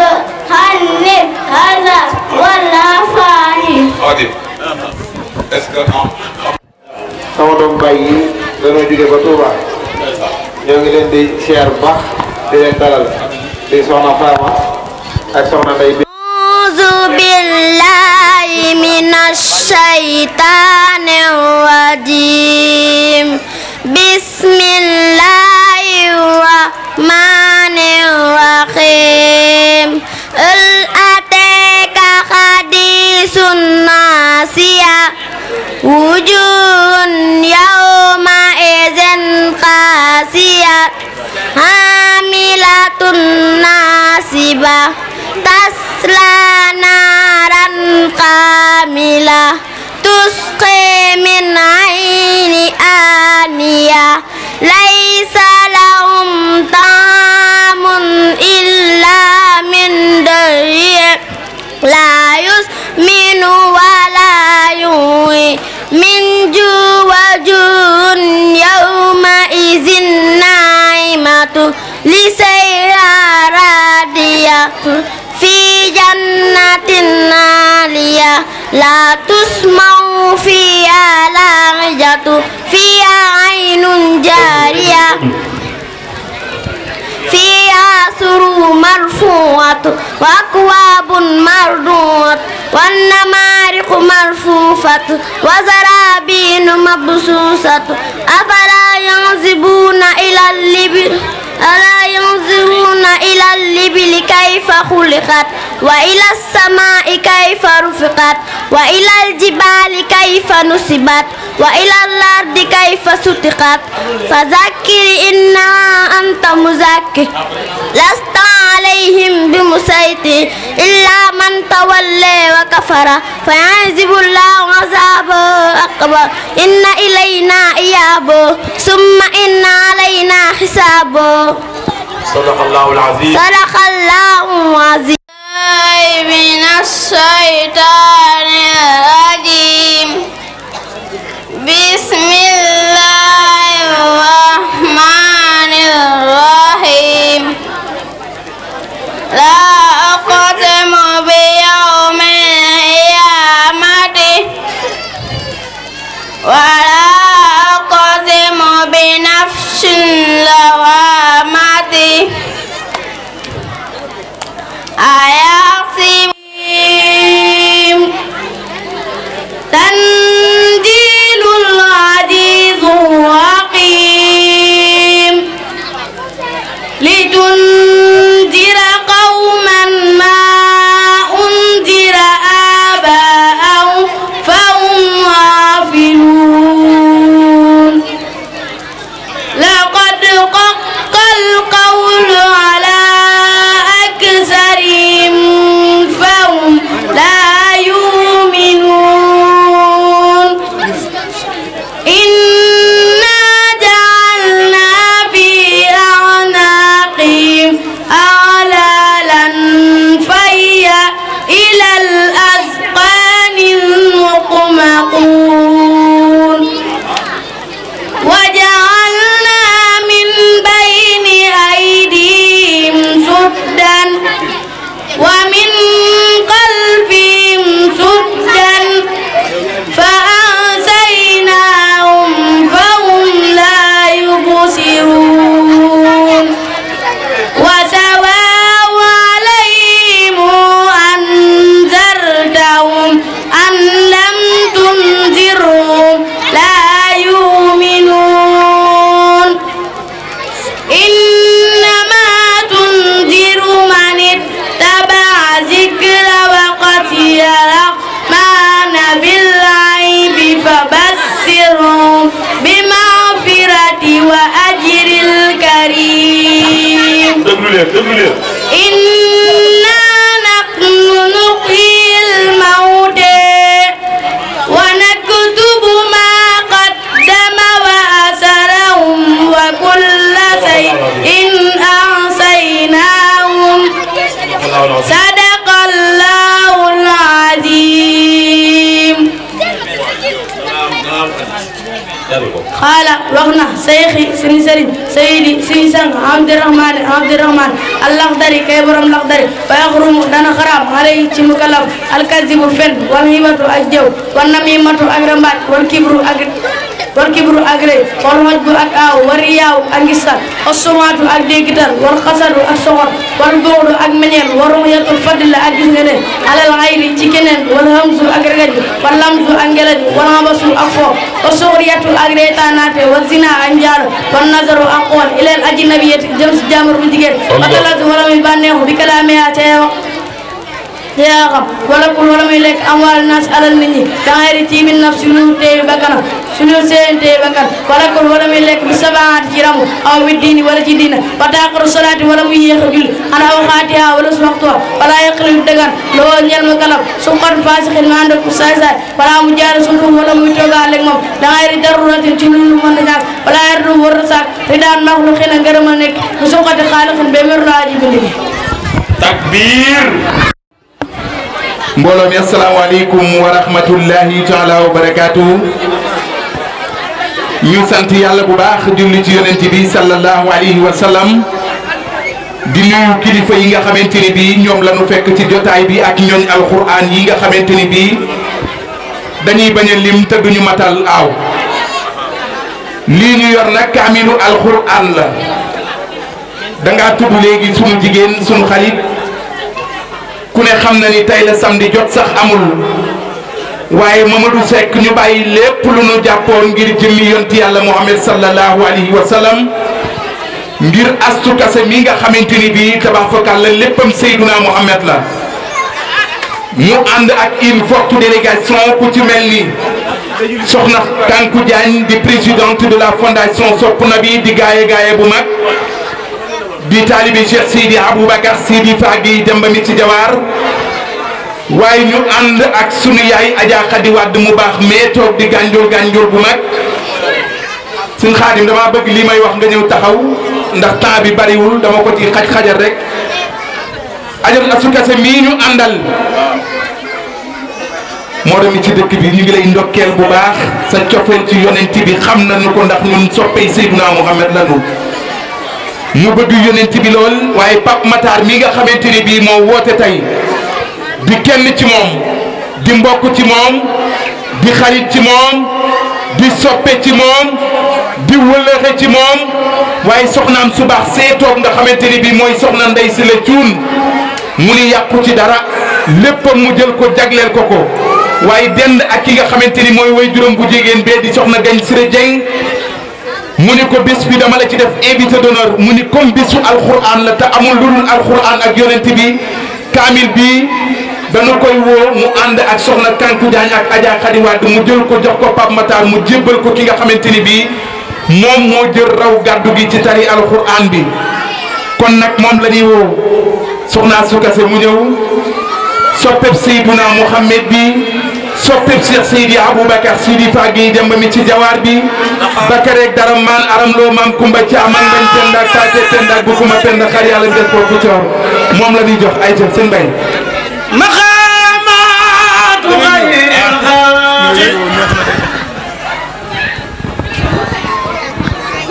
عني هذا ونفعني Xaadim est-ce que sama doom bay yi dañoo jóge ba Touba ñoo ngi leen di siyaar bu baax di leen dalal di soxna Faama ak soxna Ndey bi من الشيطان الرجيم بسم الله الرحمن الرحيم هل أتاك حديث الناصية وجوه يومئذ قاسية حاملة ناصبة تسلى نارا قاملة تسقي من عين آنية ليس لهم طعام إلا من ضريع لا يسمن ولا يغني من جوع وجوع يومئذ ناعمة لسعيها راضية في جنة عالية لا تسمع السرو مرفوعة وأكواب مردوة والنمارق مرفوفة وزرابين مبسوسة أفلا ينظرون إلى الإبل ألا ينظرون إلى الإبل كيف خلقت وإلى السماء كيف رفقت وإلى الجبال كيف نصبت وإلى الأرض كيف سطقت فذكر إنما أنت مذكر لست عليهم بمسيطر إلا من تولى وكفر فيعذب الله عذابا أكبر إن إلينا إيابا ثم إن علينا حسابا صدق الله العظيم صدق الله العظيم من الشيطان الرجيم كريم إنا نحن نحيي الموتى ونكتب ما قدم وأثرهم وكل شيء أحصيناهم xaala wax na sayxi suñu sëriñ sayidi suñu sang abdirahmani abdirahman allaxdari kay borom laxdari fa yaxrumu dana xaraam alay ci mukallaf alkazibu fen wal himatu ak jëw wal namimatu ak rambaaj wal kibru ak wal kibru ak rëy wal wajbu ak aaw war yaaw ak ngistal assumaatu ak déggital wal xasadu ak soxor wal buudu ak meñeel war ruyatul ak gis nga ne alal xayri ci keneen wal hamzu ak regaju wal lamzu ak ngelaju wal habasu ak foo assuuriyatu ak reetaanaate wal zina ak njaalo wal nazaru ak xool ilal ajinabiyati jëm si jaamar bu jigéen watalas wala muy bànneexu bi kalaameya ca wax yaa xam wala kun wala muy lekk amwaal naas alal nit ñi dangay di ci min naf si lu teewi bakkanam suñu seen teewi bakkan wala kun wala muy lekk bi sabaati ci ramu aw bi diini wala ci diina ba taqaru salaati wala muy yéex a julli ana waxaatiha wala su waxtuwa wala yaqli dagan loo ñel ma kalam su xat faasixin ma ànd wala mu jaare su wala muy toogaa lekk moom dangay di daruratin ci lu mën na ñàkk wala yardu war a nekk mu suqati xaalixin ba mer laaji mbooloo mi asalaamaaleykum wa rahmatullahi taala wa barakaatu. ñu sant yàlla bu baax julli ci yonent bi sallallahu alayhi wa salaam di nuyu kilifa yi nga xamante ni bii ñoom la fekk ci jotaay bi ak ñooñ alquran yi nga xamante ni bii dañuy bañ a lim te duñu matal aaw lii ñu yor nag kaamilu alquran la da tudd léegi sunu jigéen sunu xarit ku ne xam na ni tey la di jot sax amul waaye Mamadou Seck ñu bàyyi lépp lu nu jàppoon ngir jëmmi yonti yàlla Muhammad sallallahu alayhi wa ngir astu kase mi nga xamante ni bii tabax fakal la léppam Seyduna Muhammad la mu ànd ak une forte délégation ku ci mel ni soxna Kanku Diagne di présidente de la fondation Sopp Nabi di gaaye gaaye bu mag di taalibi Cheikh Sidi Aboubacar Sidi Fagi Demba mi ci jawaar waaye ñu ànd ak sunu yaay Adja Khadi mu baax mais toog di gànjool gànjool bu mag suñ xaadim damaa bëgg lii may wax nga ñëw taxaw ndax temps bi bariwul dama ko ci xaj xajal rek ajam na su kese mii ñu àndal moo dem ci dëkk bi ñu ngi lay ndokkeel bu baax sa cofeel ci yonent bi xam na nu ko ndax ñun soppey naa Muhammad lanu ñu bëgg yonent bi lool waaye Pape Matar mi nga xamante ni bii moo woote tey di kenn ci moom di mbokk ci moom di xarit ci moom di soppe ci moom di wëllëxe ci moom waaye soxnaam su baax seetoog nga xamante ni bii mooy soxna Ndey si Cuun mu ni yàqu ci dara léppam mu jël ko jagleel ko ko waaye dend ak ki nga xamante ni mooy way juróom bu jigéen bee di soxna Gagne Siré Dieng mu ni ko bés bi dama la ci def invité d'honneur mu ni comme bésu alxuraan la te amoon lu dul alxuraan ak yonent bi kaamil bi dana koy woo mu ànd ak soxna Kanku Jaañ ak Adja Xadi mu jël ko jox ko Pape mu jébbal ko ki nga xamante ni bii moom moo jël raw gàddu gi ci tari alxuraan bi kon nag moom la ñuy woo soxna mu ñëw soppeb Seyduna Muhammad bi soppib Cheikh Seydi Aboubacar Seydi Fagui Demba mi ci jawaar bi bakareeg dara maan aram loo maam Kumba ci amal ngañ penda ak pàcce penda ak bukkuma penda xar yàlla des foofu coor moom la ñuy jox ay jëf seen mbay.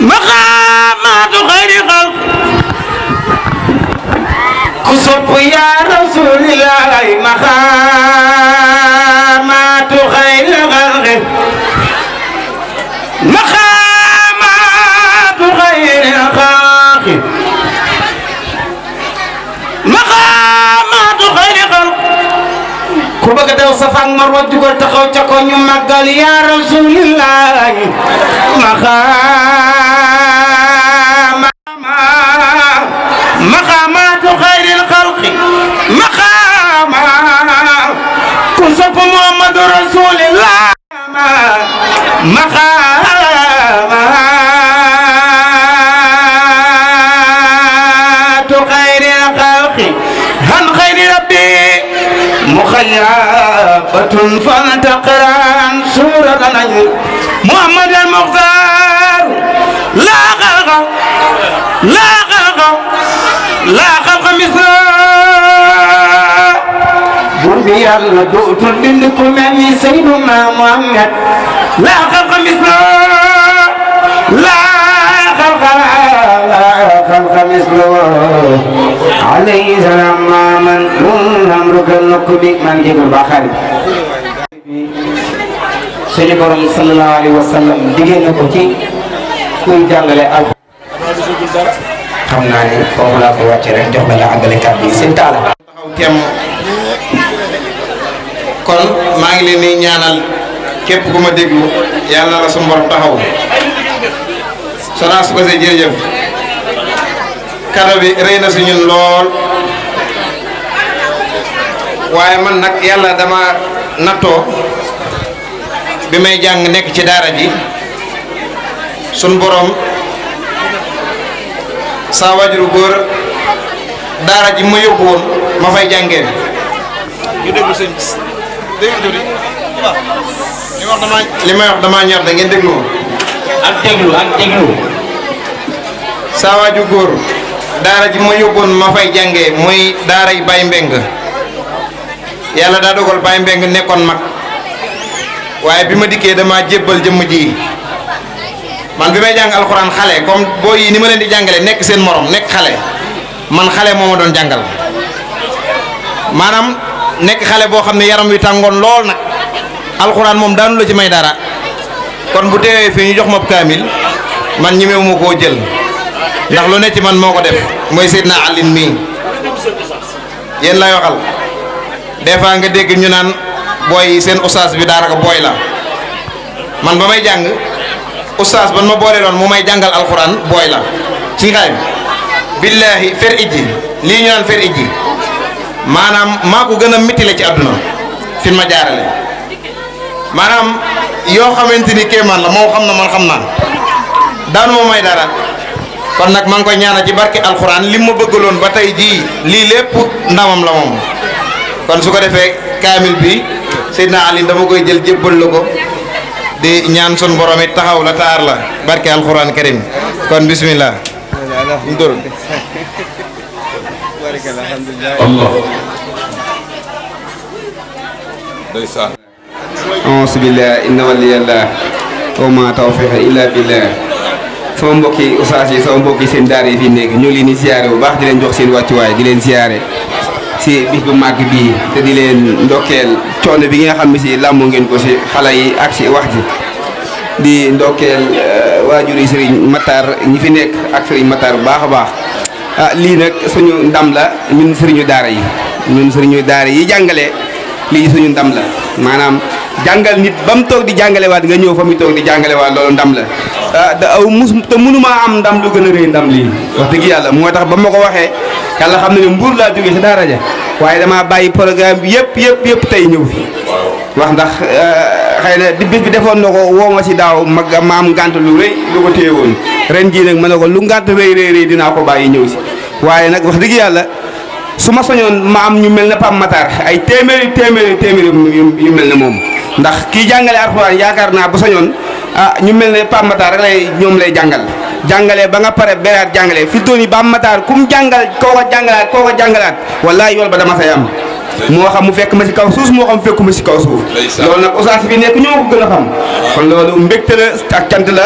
مقامات خير خلق كسب يا رسول الله مقام bëgg daw safa ak marwa jugal taxaw ca ko ñu màggal yaa rasulillah maqaama maqaamaatu xayril xalqi maqaama ku sopp muhammadu rasulillah maqaama غيابة فلتقران سورة النجم محمد المختار لا خلق لا خلق لا خلق مثله بني يلا دؤت لكم سيدنا محمد لا خلق مثله لا الخلق مثله عليه سلام ما من كل naa ne foofu kon maa ngi leen ñaanal képp ku ma déglu yàlla la sa mborom taxaw sonaas base jërëjëf kado bi rëy na si ñun lool waaye man nag yàlla dama nattoo bi may jàng nekk ci daara ji sun boroom saa wajuru góor daara ji ma yóbbu woon ma fay jàngee ñu déglu sëñ li may wax dama ñor da ngeen saa waju góor daara ji ma yóbboon ma fay jànge muy daara yi Baye Mbeng yàlla daa dogal Baye Mbeng nekkoon mag waaye bi ma dikkee dama jébbal jëmm ji man bi may jàng alxuraan xale comme boo yi ni ma leen di jàngale nekk seen morom nekk xale man xale moo ma doon jàngal maanaam nekk xale boo xam ne yaram wi tàngoon lool nag alxuraan moom daanu la ci may dara kon bu teewee fii ñu jox ma kaamil man ñemewuma koo jël ndax lu ne ci man moo ko def mooy Seydina Alioune mii yéen la waxal des fois nga dégg ñu naan booy seen ustaas bi daanaka booy la man ba may jàng ustaas ban ma boole doon mu may jàngal alxuraan booy la ci xayam billaahi fer ijji lii ñu naan fer ijji maanaam maa ko gën a mittile ci àdduna fi ma jaarale maanaam yoo xamante ni kéemaan la moo xam na man xam naa daanu may dara kon nag maa ngi koy ñaanal ci barke alxuraan lim ma loon ba tey jii lii lépp ndamam la moom kon su ko defee kaamil bi Seydina Ali dama koy jël jébbal la ko di ñaan sun borom taxaw la taar la barke alxuraan karim kon bismillah Allah ndeysaan auzu billah inna waliyallah wa ma tawfiqa soo mbokki ustaas yi sama mbokki seen daara yi fi nekk ñu ngi leen di bu baax di leen jox seen wàccuwaay di leen ziare si bis bu màgg bii te di leen ndokkeel coono bi nga xam ne si làmb ngeen ko si xale yi ak si wax ji di ndokkeel eh, waajur yi sëriñ Matar ñi fi nekk ak sëriñ Matar bu baax a baax ah lii nag suñu ndam la ñun sëriñu daara yi ñun sëriñu daara yi jàngale lii suñu ndam la maanaam. jàngal nit ba mu toog di jàngalewaat nga ñëw fa muy toog di jàngalewaat loolu ndam la ah mus te mënumaa am ndam lu gën a rëy ndam lii wax dëgg yàlla moo tax ba ma ko waxee yàlla xam na ne mbuur laa jógee si daara ja waaye damaa bàyyi programme bi yëpp yëpp yëpp tey ñëw fi wax ndax ah, xëy na bis bi defoon na ko woo ma si daaw mag ma am ngànt lu rëy lu ko téye woon ren jii nag ma ne ko lu ngànt rëy rëy dinaa ko bàyyi ñëw si waaye nag wax dëgg yàlla su ma soñoon ma am ñu mel ne Pape Matar ay téeméeri téeméeri téeméeri mel ne moom ndax kii jàngale alxuraan yaakaar naa bu sañoon ah ñu mel ne Pape Matar rek lay ñoom lay jàngal jàngalee ba nga pare beraat jàngalee fi doon yi Pape Matar kum jàngal koo ko jàngalaat koo ko jàngalaat wallaay yool ba dama say am. moo xam mu fekk ma ci kaw suuf moo xam fekku ma si kaw suuf loolu nag oustaz bi nekk ñoo ko gën a xam kon loolu mbégte la ak cant la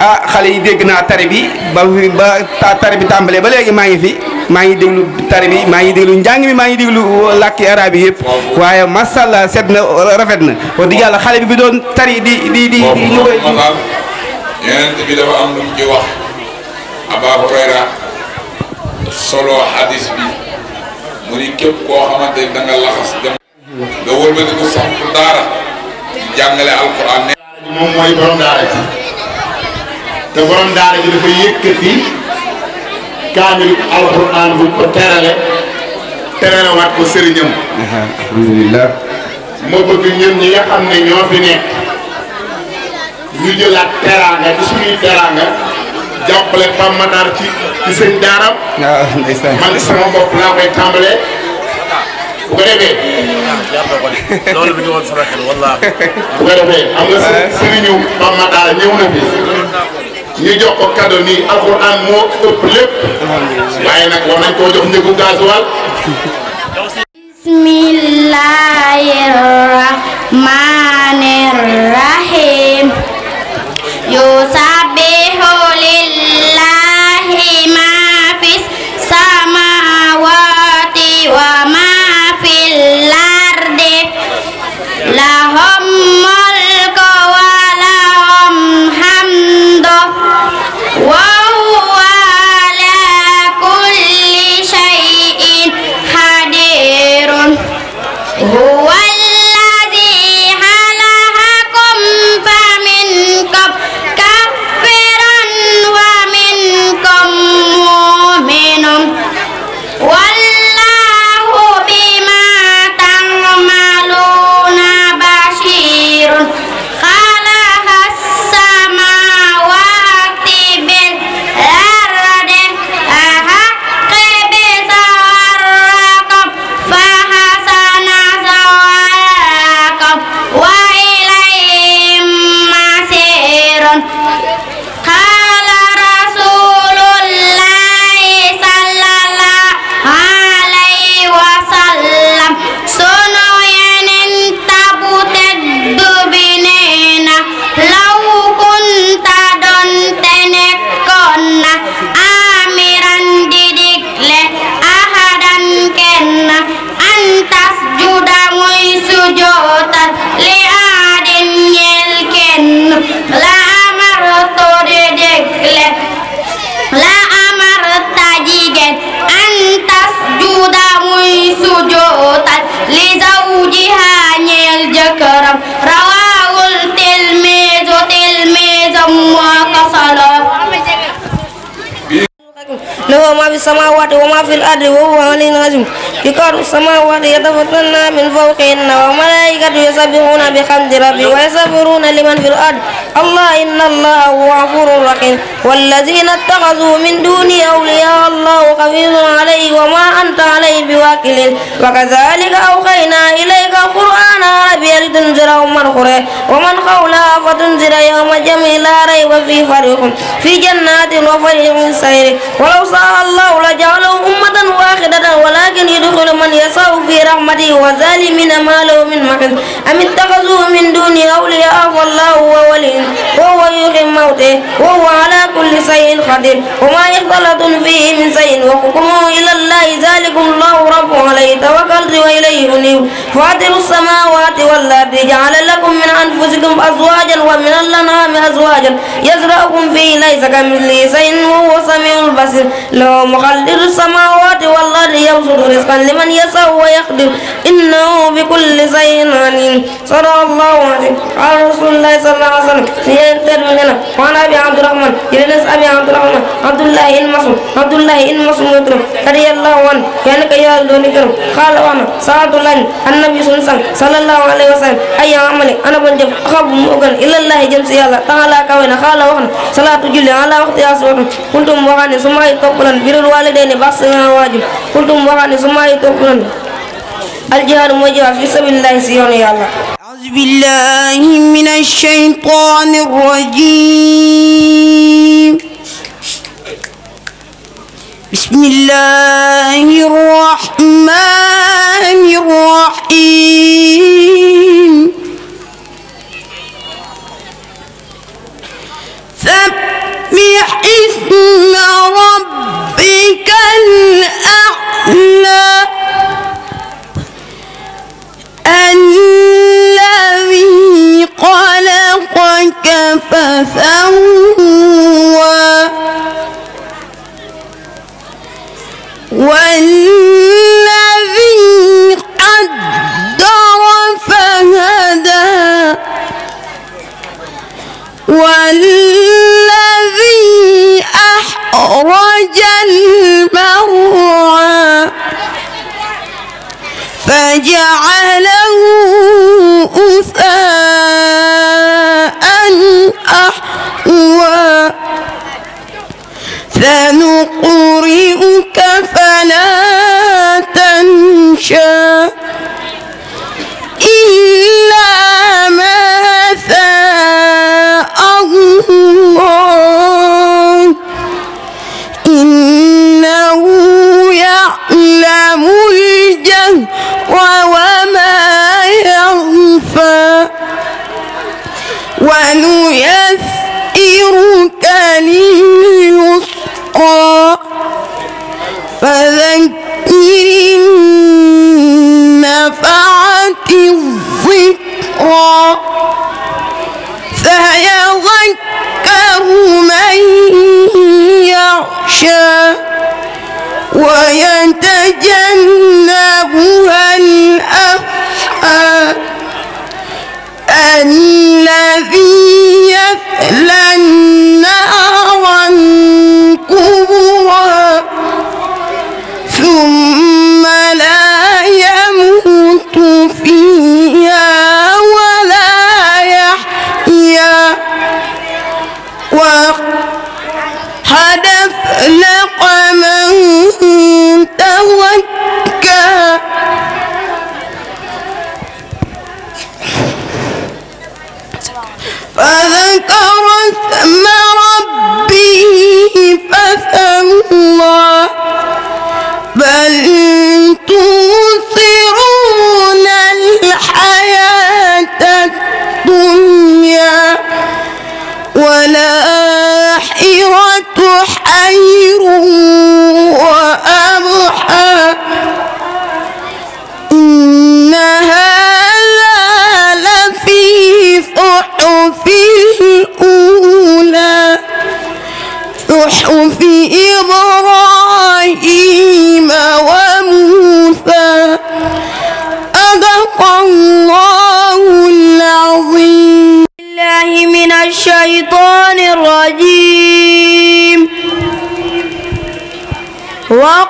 ah xale yi dégg naa tari bi ba ba tari bi tàmbalee ba léegi maa ngi fi maa ngi déglu tari bi maa ngi déglu njàng mi maa ngi déglu làkki arab yi yëpp waaye masalla set na rafet na wax yàlla xale bi bi doon tari di di di di ñu dafa am lu mu ci wax Aba solo hadis bi mu ni képp koo xamante ni da nga laxas dem nga wëlbatiku samp daara di jàngale alquran ne moom mooy borom daara ji te borom daara ji dafa yëkkati kaamil alquran bu ko terale teralewaat ko sëriñam alhamdulilah moo bëgg ñun ñi xam ne ñoo fi nekk ñu jëlaat teraanga ci suñuy teraanga jàppale Pape Matar ci ci sëñ daaram waaw ah, ndeysaan man sama bopp laa koy tàmbalee bu ko defee. loolu bi ñu woon sama xel wallaahi. bu ko defee am nga ah. sëriñu Pape Matar ñëw na fi ñu jox ko cadeau nii alxuraan moo ëpp lépp waaye nag war nañ koo jox njëgu gasoil. bismillaahi rahmaani rahiim السماوات وما في الأرض وهو علي العظيم كقار السماوات يتفطرن من فوقهن والملائكة يسبحون بحمد ربي ويستغفرون لمن في الأرض الله إن الله هو غفور رحيم والذين اتخذوا من دوني أولياء الله حفيظ عليه وما أنت عليه بواكل وكذلك أوحينا إليك القرآن عربيا لتنذر أم القرى ومن حولها فتنذر يوم الجمع لا ريب فيه فريق في جنات وفريق من السير ولو شاء الله لجعله أمة واحدة ولكن يدخل من يشاء في رحمته وظالمين ما له من محيص أم اتخذوا من دوني أولياء والله هو ولي وهو يحيي موته وهو على كل شيء قدير وما يختلط فيه من شيء وحكمه إلى الله ذلكم الله رب عليه توكلت وإليه أنيب فاطر السماوات والأرض جعل لكم من أنفسكم أزواجا ومن الأنعام أزواجا يزرعكم فيه ليس كمثله شيء وهو السميع البصير له مقلد السماوات والأرض يبسط رزقا لمن يشاء ويقدر إنه بكل شيء عليم صلى الله عليه قال رسول الله صلى الله عليه وسلم سيدنا مننا وعن أبي عبد الرحمن يونس أبي عبد الرحمن عبد الله المصوم عبد الله المصوم رضي الله عنه كان كيال دوني قال وانا سعد الله annabi sunu sang sallallahu alayhi wa sallam ay yaa amale ana bon jëf xabu mu gën ilallahi jëm si yàlla taala kawe na xaala wax na salaatu julli ala waxtu yaa suwatum kuntum waxaane su may toppalan birul waalidayni baax sa waajur kuntum waxaane su may toppalan aljihaadu mooy jihaad fi sabilillahi si yoonu yàlla أعوذ بالله من الشيطان الرجيم بسم الله الرحمن الرحيم سبح اسم ربك الأعلى الذي خلقك فسوى والذي قدر فهدى والذي أحرج المرعى فجعله أثاء أحوى سنقرئك فلا تنشى إلا الذكرى فيذكر من يخشى ويتجنبها الأخشى الذي يصلى النار الكبرى ثم خلق من توكى فذكر اسم ربه فسوى بل تؤثرون الحياة الدنيا والآخرة حياة wa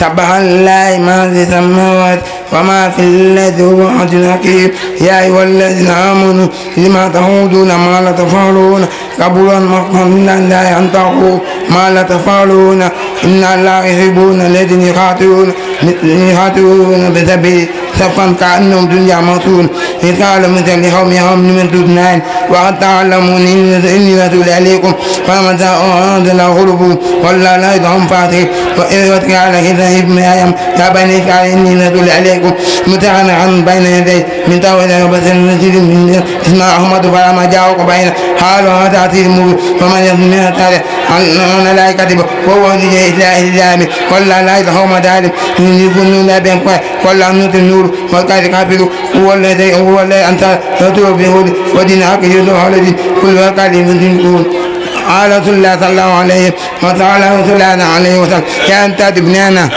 سبح لله ما في السماوات وما في الذي هو حكيم يا أيها الذين آمنوا لما تعودون ما لا تفعلون كبر مقتا عند الله أن تقولوا ما لا تفعلون إن الله يحبون الذين يخاطئون يخاطئون بسبيل صفا كأنهم دنيا مصون إذ قال موسى لقومهم لم تؤمنون وقد تعلمون إني رسول إليكم فمتى أراد الغلب ولا لهم فاتح وإذ قال كتاب مريم يا بني فعل إني رسول إليكم متعنعا بين يدي من توبة وبسر رسول من اسمه أحمد فلما جاءوا بين قالوا هذا تأثير مبين ومن يسمع تاريخ أنه لا كذب وهو إله الإسلام قل لا إله هم ذلك يكونون بهم قل أن نوت النور وقال كافر هو الذي هو الذي أنت تطلب به ودين حق يدعو الذي كل وقال من قال رسول الله صلى الله عليه وسلم رسول الله عليه وسلم يا أنت تبنانا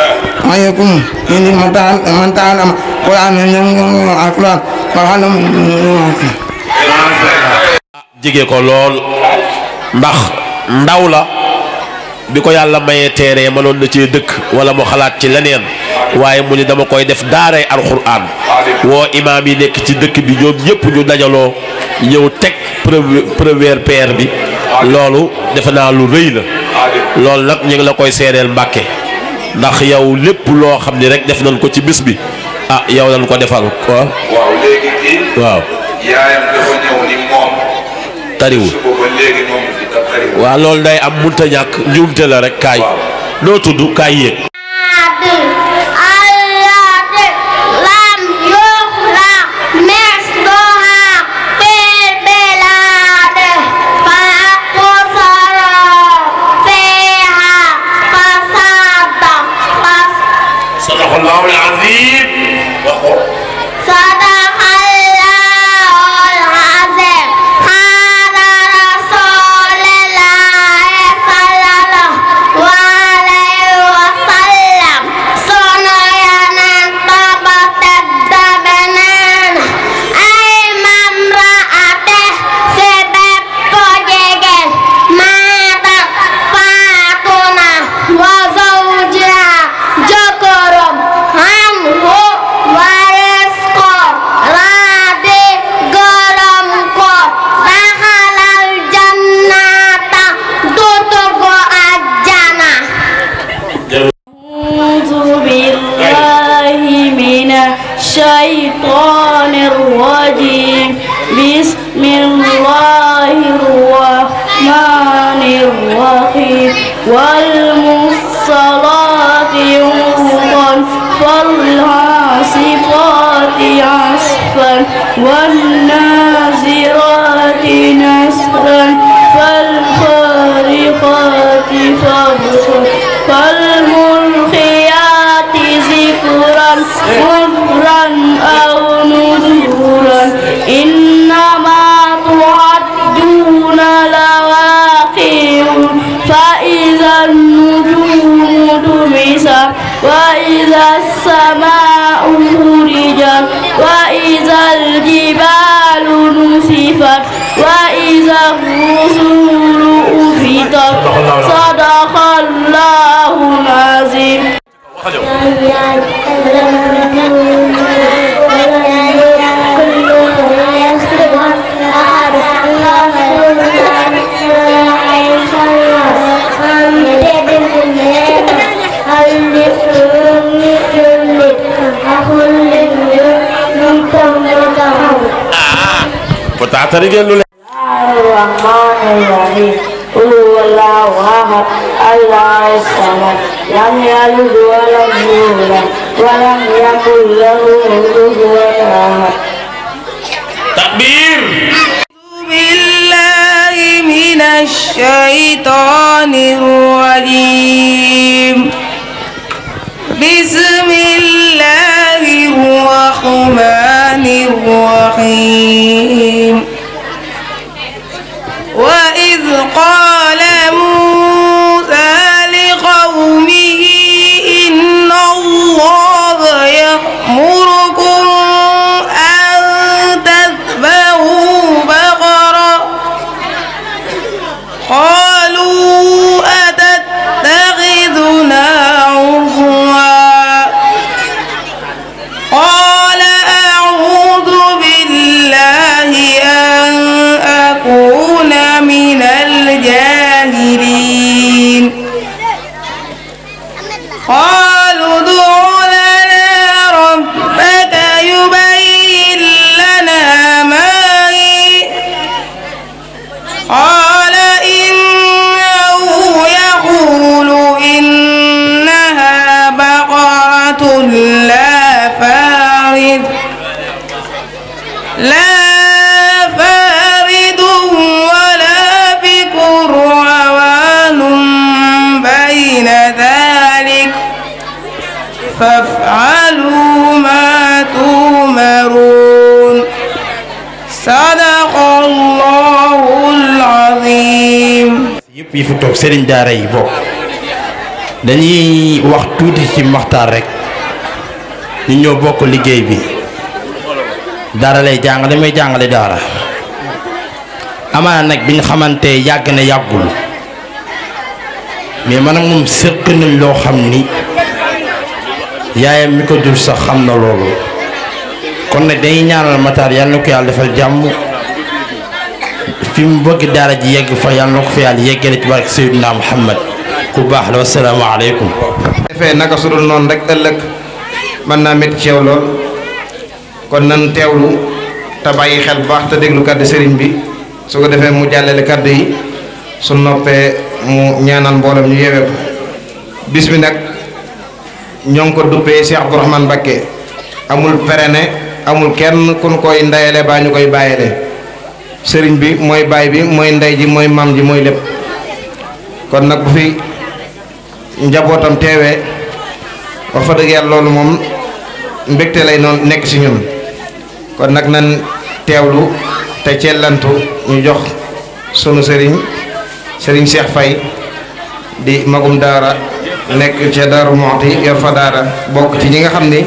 عليكم من تعلم قرآن من القرآن وهل jigee ko lool ndax ndaw la bi ko yàlla mayee teere mënoon na cee dëkk wala mu xalaat ci leneen waaye mu ni dama koy def daaray alxuraan woo imaam yi nekk ci dëkk bi ñoom ñëpp ñu dajaloo ñëw teg première pierre bi loolu defe naa lu rëy la loolu nag ñu ngi la koy seereel mbàkke ndax yow lépp loo xam ni rek def nañ ko ci bis bi ah yow lañ ko defal ko waaw tariwul waa loolu day am munta ñàkk njuumte la rek kaay noo tudd kaay yéeg والنازرات نسرا فالخارقات فرقا فالملقيات ذكرا غفرا أو نذورا إنما توعدون لواقع فإذا النجوم تمسا وإذا السماء وإذا الجبال نسفت وإذا الرسل أفتت صدق الله العظيم ñaata ngeen lu leen. قل هو الله احد الله الصمد لم يلد ولم يولد ولم يكن له كفوا احد تكبير بالله من الشيطان الرجيم بسم الله الرحمن الرحيم wa yi fi toog sëriñ daara yi bokk dañuy wax tuuti ci maxtaar rek ñu ñoo bokk liggéey bi daara lay jàngale may jàngale daara amaana nag bi ñu xamante yàgg na yàggul mais man ak moom sëq nañ loo xam ni yaayam mi ko jur sax xam na loolu kon nag dañuy ñaanal Matar yàlla na ko yàlla jàmm ci mu bëgg daara ji yegg fa yàlla na ko fa yàlla yeggale ci barke Seydina Muhammad ku baax la wasalaamaaleykum. defee naka su dul noonu rek ëllëg mën naa métti ci lool kon nan teewlu te bàyyi xel bu baax te déglu kàddu sëriñ bi su ko defee mu jàllale kàddu yi su noppee mu ñaanal mboolem ñu yeewee ko bis bi nag ñoo ngi ko duppee Cheikh Abdourahmane Mbacké amul perene amul kenn kun koy ndayale baa ñu koy bàyyale sëriñ bi mooy baay bi mooy ndey ji mooy maam ji mooy lépp kon nag bu fi njabootam teewee wax fa loolu moom mbégte lay noonu nekk ci ñun kon nag nan teewlu te cellantu ñu jox sunu sëriñ sëriñ Cheikh fay di magum daara nekk ca Daaru Muxti yor fa daara bokk ci ñi nga xam ni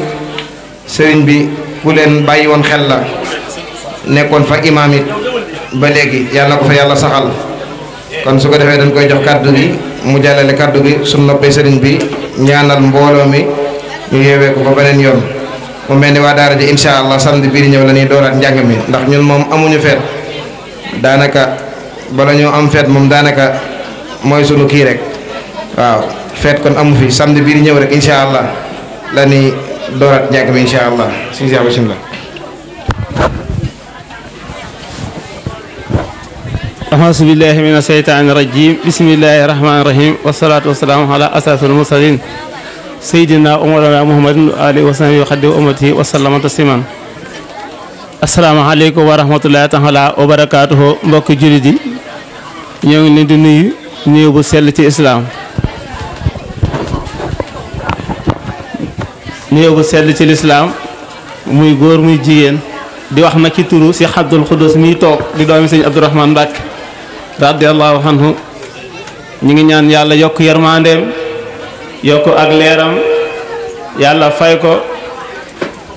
sëriñ bi ku leen bàyyi woon xel la nekkoon fa imaam ba léegi yàlla ko fa yàlla saxal kon su ko defee dañ koy jox kàddu gi mu jàllale kàddu gi suñ noppee sëriñ bi ñaanal mbooloo mi ñu yeewee ko ba beneen yoon mu mel ni waa daara ji incha allah samedi bii di ñëw la ñuy dooraat njàng mi ndax ñun moom amuñu feet daanaka bala ñu am feet moom daanaka mooy sunu kii rek waaw feet kon amu fi samedi bii di ñëw rek incha allah la ñuy dooraat njàng mi incha allah si la ahas billahi min asheytaani irajim bismillahi rahmanirahim wasalatu wasalaamu ala asrafil mursalin seydina umarana muhammadin wa alihi wa sahbihi wa xaddi wa ummatihi wa sallama tasliman asalaamaaleykum wa rahmatullahi taala wa barakaatuhu ñoo ngi leen di nuyu nuyu bu sell ci islaam nuyu bu sell ci lislaam muy góor muy jigéen di wax nag ci turu si Abdul Xudus miy toog di doomi sëñ Abdourahmane Mbàkke radiallahu anhu ñu ngi ñaan yàlla yokk yërmandeem yokk ak leeram yàlla fay ko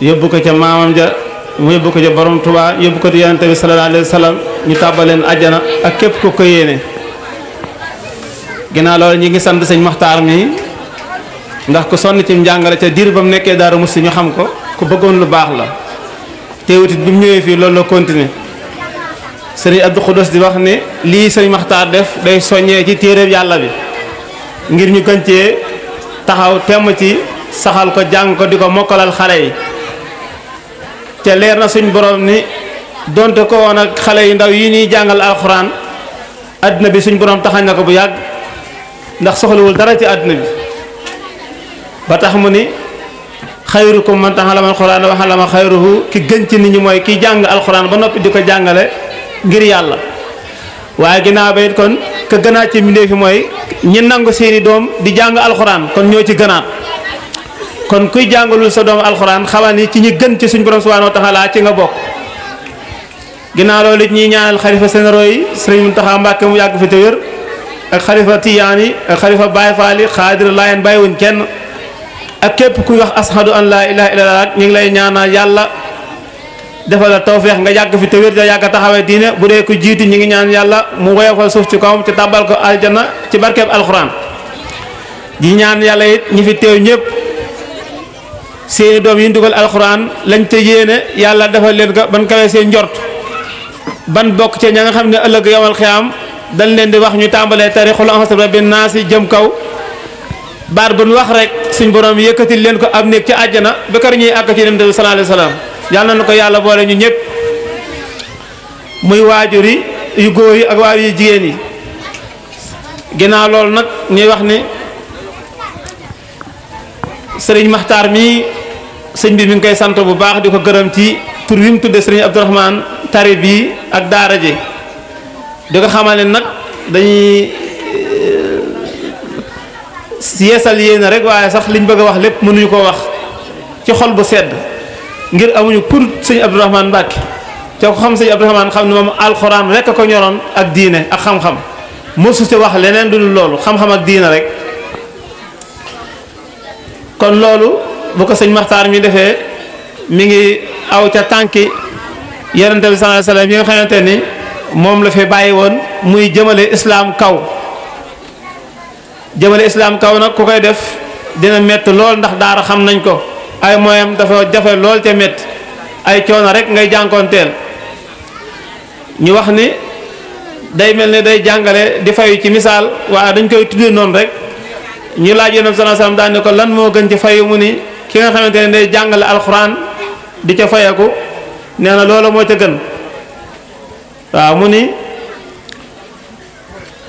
yóbbu ko ca maamam ja mu yóbbu ko ca borom Tuubaa yóbbu ko ci yonente bi sallallahu alayhi wa sallam ñu tàbbaleen ajjana ak képp ku ko yéene ginnaaw loolu ñi ngi sant sëñ Maxtaar mi ndax ku sonn ci njàngale ca diir ba mu nekkee Daaru Muxti ñu xam ko ku bëggoon lu baax la teewutit bi mu ñëwee fii loolu la continuer sëriñ Abdou Khoudous di wax ni lii sëriñ Maxtaar def day soññee ci téeréeb yàlla bi ngir ñu gën cee taxaw temm ci saxal ko jàng ko di ko mokkalal xale yi te leer na suñ borom ni donte ko woon xale yu ndaw yi ñuy jàngal alxuraan àddina bi suñ borom taxañ na ko bu yàgg ndax soxlawul dara ci àddina bi ba tax mu ni xayrukum man ta'allama alxuraan wa allama xayruhu ki gënc ni ñu mooy kiy jàng alxuraan ba noppi di ko jàngale ngir yàlla waaye ginnaaw ba it kon ka gënaat ci mbindéef mooy ñi nangu seeni doom di jàng alxuraan kon ñoo ci gënaat kon kuy jàngalul sa doom alxuraan xamal ni ci ñi gën ci suñ borom subhaanahu wa ci nga bokk ginnaaw loolu it ñuy ñaanal xalifa sénéro yi sëriñ Muntaxa Mbàkke mu yàgg fi te wér ak xalifa tiyaan yi ak xalifa baay faal yi xaadir laayeen bàyyiwuñ kenn ak képp kuy wax ashadu an laa ilaaha illallaah ñu lay ñaanal yàlla defal la tawféex nga yàgg fi te wér yàgg taxawee diine bu dee ko jiitu ñi ngi ñaan yàlla mu woyofal suuf ci kawam te tàbbal ko aljana ci barkeeb alxuraan di ñaan yàlla yit ñi fi teew ñëpp seeni doom yi ñu dugal alxuraan lañ te yéene yàlla defal leen ko ban kawee seen njort ban bokk ci ña nga xam ne ëllëg yawmal xiyaam dañ leen di wax ñu tàmbalee tarixul ansab naa si jëm kaw baat bu ñu wax rek suñ borom yëkkati leen ko am néeg ci àjjana ba kër ñuy àkk ci dem sallallahu yàlla na ko yàlla boole ñu ñëpp muy waajur yi yu góor yi ak waajur yu jigéen yi ginnaaw loolu nag ñuy wax ni sëriñ maxtaar mii sëñ bi mi ngi koy sant bu baax di ko gërëm ci tur wi mu tudde sëriñ abdourahman tari bi ak daara ji di ko xamal ne nag dañuy eh, yeesal yéen rek waaye sax liñ bëgg a wax lépp mënuñu ko wax ci xol bu sedd ngir amuñu pour sëñ Abdourahmane Mbacke te ko xam sëñ Abdourahmane xam ne moom alxuraan rek a ko ñoroon ak diine ak xam-xam mosu ci wax leneen du loolu xam-xam ak diine rek kon loolu bu ko sëñ Maxtaar mi defee mi ngi aw ca tànki yonent bi sallallahu alayhi wasallam yi nga xamante ni moom la fi bàyyi woon muy jëmale islaam kaw jëmale islaam kaw nag ku koy def dina mett lool ndax daara xam nañ ko ay moyam dafa jafe lool te métti ay coono rek ngay jànkoonteel ñu wax ni day mel ni day jàngale di fayu ci misaal waa dañ koy tuddee noonu rek ñu laaj yonent sallallahu alayhi wasallam ko lan moo gën ci fayu mu ni ki nga xamante ne day jàngale alxuraan di ca fayeku nee na loolu moo ca gën waaw mu ni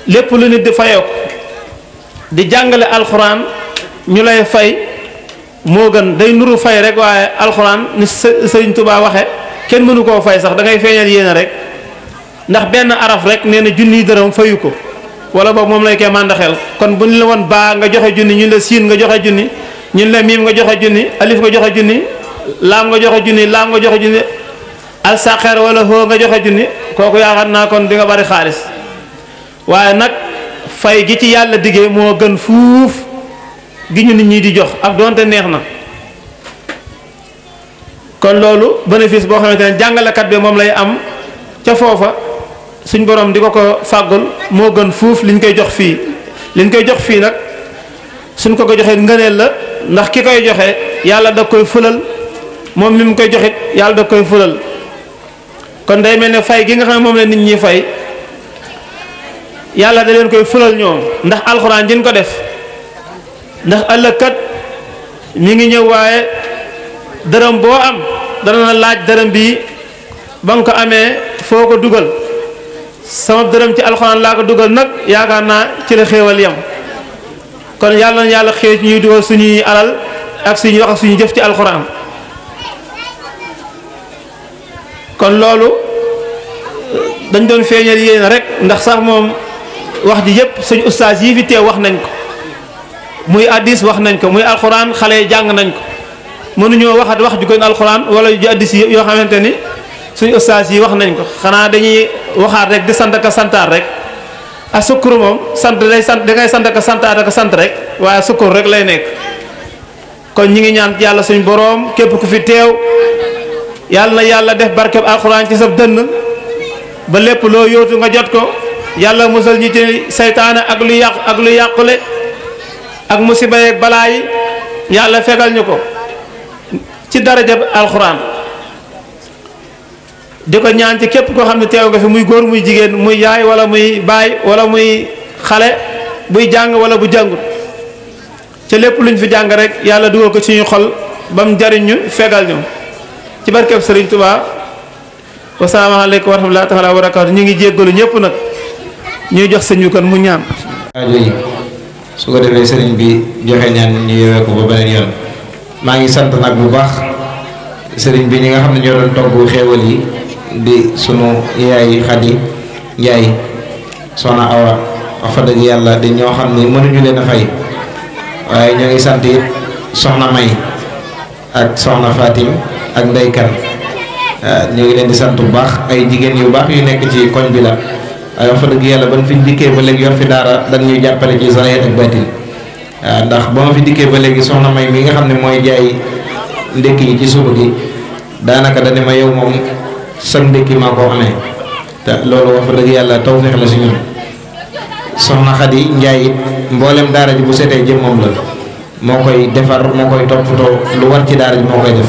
lépp lu nit di fayeku di jàngale alxuraan ñu lay fay moo gën day nuru fay rek waaye alxuraan ni sëriñ Tuubaa waxe kenn mënu koo fay sax da ngay feeñal yéene rek ndax benn araf rek nee na junniy dërëm fayu ko wala boog moom lay koy màndaxel kon bu ñu la woon baa nga joxe junni ñu la siin nga joxe junni ñu la miim nga joxe junni alif nga joxe junni laam nga joxe junni laam nga joxe junni alsaqeer wala hoo nga joxe junni kooku yaakaar naa kon di nga bari xaalis waaye nag fay gi ci yàlla diggee gi ñu nit ñi di jox ak donte neex na kon loolu bénéfice boo xamante ne jàngalekat bi moom lay am ca foofa suñ borom di ko ko fàggul moo gën fuuf liñ koy jox fii liñ koy jox fii nag suñ ko ko joxee ngëneel la ndax ki koy joxe yàlla da koy fulal moom mi mu koy joxit yàlla da koy fulal kon day mel ne fay gi nga xam ne moom la nit ñi fay yàlla da leen koy fulal ñoom ndax alxuraan jin ko def ndax ëllëg kat mi ngi ñëw waaye dërëm boo am dana laaj dërëm bii ba nga ko amee foo ko dugal sama dërëm ci alxuraan laa ko dugal nag yaakaar naa ci la xéewal yam kon yàlla na yàlla xéew ci ñuy dugal suñuy alal ak suñu wax ak jëf ci alxuraan kon loolu dañ doon feeñal yéen rek ndax sax moom wax ji yépp suñu ustaas yii fi teew wax nañ ko muy addis wax nañ ko muy alxuraan xale jàng nañ ko mënuñoo waxat wax ju gën alxuraan wala ju addis yoo xamante ni suñ ustaas yi wax nañ ko xanaa dañuy waxaat rek di sant ka santaat rek a ah, sukkur moom sant day sant dangay sant ka santaat ak sant rek waaye sukkur rek lay nekk kon ñi ngi ñaan yàlla suñ boroom képp ku fi teew yàlla na yàlla def barkeb alxuraan ci sa dënn ba lépp loo yóotu nga jot ko yàlla musal ñi ci saytaane ak lu yàq ak lu yàqule ak musiba yeeg balaa yi yàlla fegal ñu ko ci daraja alxuraan di ko ñaan ci képp koo xam ne teew nga fi muy góor muy jigéen muy yaay wala muy baay wala muy xale buy jàng wala bu jàng ci lépp luñ fi jàng rek yàlla dugal ko ci ñu xol ba mu jariñ ñu fegal ñu ci barkeb Sëriñ Tuubaa wasalaamaaleykum wa rahmatullaahi taala wa barakaatu ñu ngi jéggalu ñëpp nag ñuy jox sëñ bi kon mu ñaan su ko defee sëriñ bi joxe ñaan ñu yewee ko ba beneen yoon maa ngi sant nag bu baax sëriñ bi ñi nga xam ne ñoo doon togg xéewal yi di suñu yaay Xadi Njaay soxna Awa wax fa dëgg yàlla di ñoo xam ne mënuñu leen a waaye ñoo ngi sant it soxna May ak soxna Fatim ak ndeykan ñu ngi leen di sant bu baax ay jigéen yu baax yu nekk ci koñ bi la waaye wax fa dëgg yàlla ban fi dikkee ba léegi yor fi daara dañ ñuy jàppale ci zahir ak batin waaw ndax ba ma fi dikkee ba léegi soxna may mi nga xam ne mooy jaay ndékki yi ci suba gi daanaka dane ma yow moom sam ndékki maa ko amee te loolu wax fa dëgg yàlla tawfeex la si ñun soxna Xadi Njaay it mboolem daara ji bu seetee jëm moom la moo koy defar moo koy toppatoo lu war ci daara ji moo koy def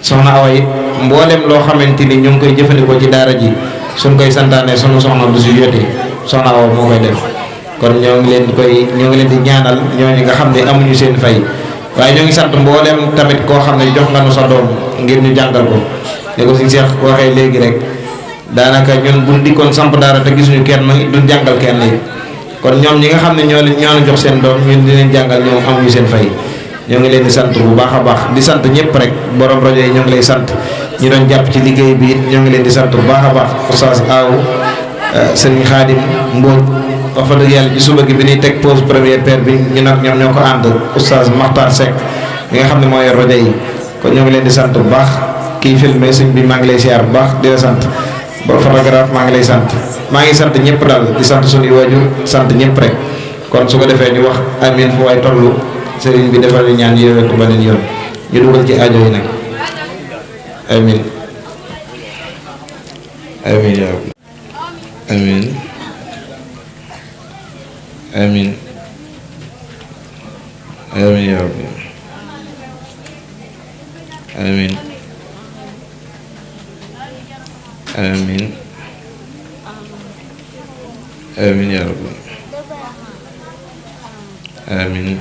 soxna Awa it mboolem loo xamante ni ñu ngi koy jëfandikoo ci daara ji suñ koy santaane sunu soxna du si yóti soxna Awa moo koy def kon ñoo ngi leen koy ñoo ngi leen di ñaanal ñooñu nga xam ne amuñu seen fay waaye ñoo ngi sant mboolem tamit koo xam ne jox nga nu sa doom ngir ñu jàngal ko ne ko suñu léegi rek daanaka ñun buñ dikkoon samp daara te gisuñu kenn duñ jàngal kenn yi kon ñoom ñi nga xam ne ñoo leen ñoo jox seen doom ñun di leen jàngal ñoo amuñu seen fay ñoo ngi leen di sant bu baax a baax di sant ñëpp rek boroom rajo yi ñoo ngi lay sant ñu doon jàpp ci liggéey bi it ñoo ngi leen di sant bu baax a baax oustaz aaw euh, sëriñ xaadim mbóoj wax fa dëgg yàlla ci suba gi bi ñuy teg pause première paire bi ñu nag ñoom ñoo ko ànd oustaz Makhtar Seck mi xam ne moo yor rajo kon ñoo ngi leen di sant bu baax kii filmé sëñ bi maa ngi lay siyaar bu baax di la sant boo photographe maa ngi lay sant maa ngi sant ñëpp daal di sant suñuy waajur sant ñëpp rek kon su ko defee ñu wax amin fu waay tollu sëriñ bi defal ñaan yéwén ba beneen yoon ñu dugal ci ajo yi nag amiin amiin yaa rabbi amiin amiin amiin yaa rabbi amiin amiin amiin yaa rabbi amiin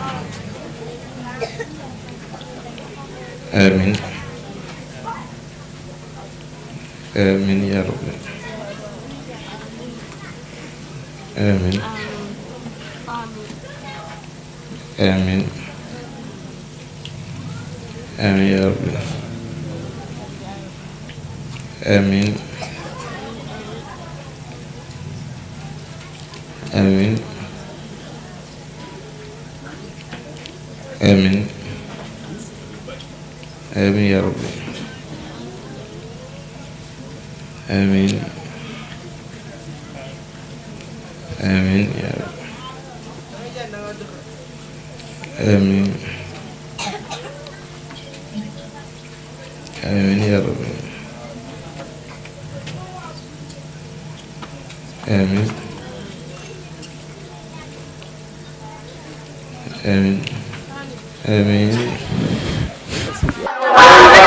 amiin amin ya rabbi amin um, um, amin amin ya rabbi amin amin amin amin ya rabbi amin amin ya amin amin ya rabbi amin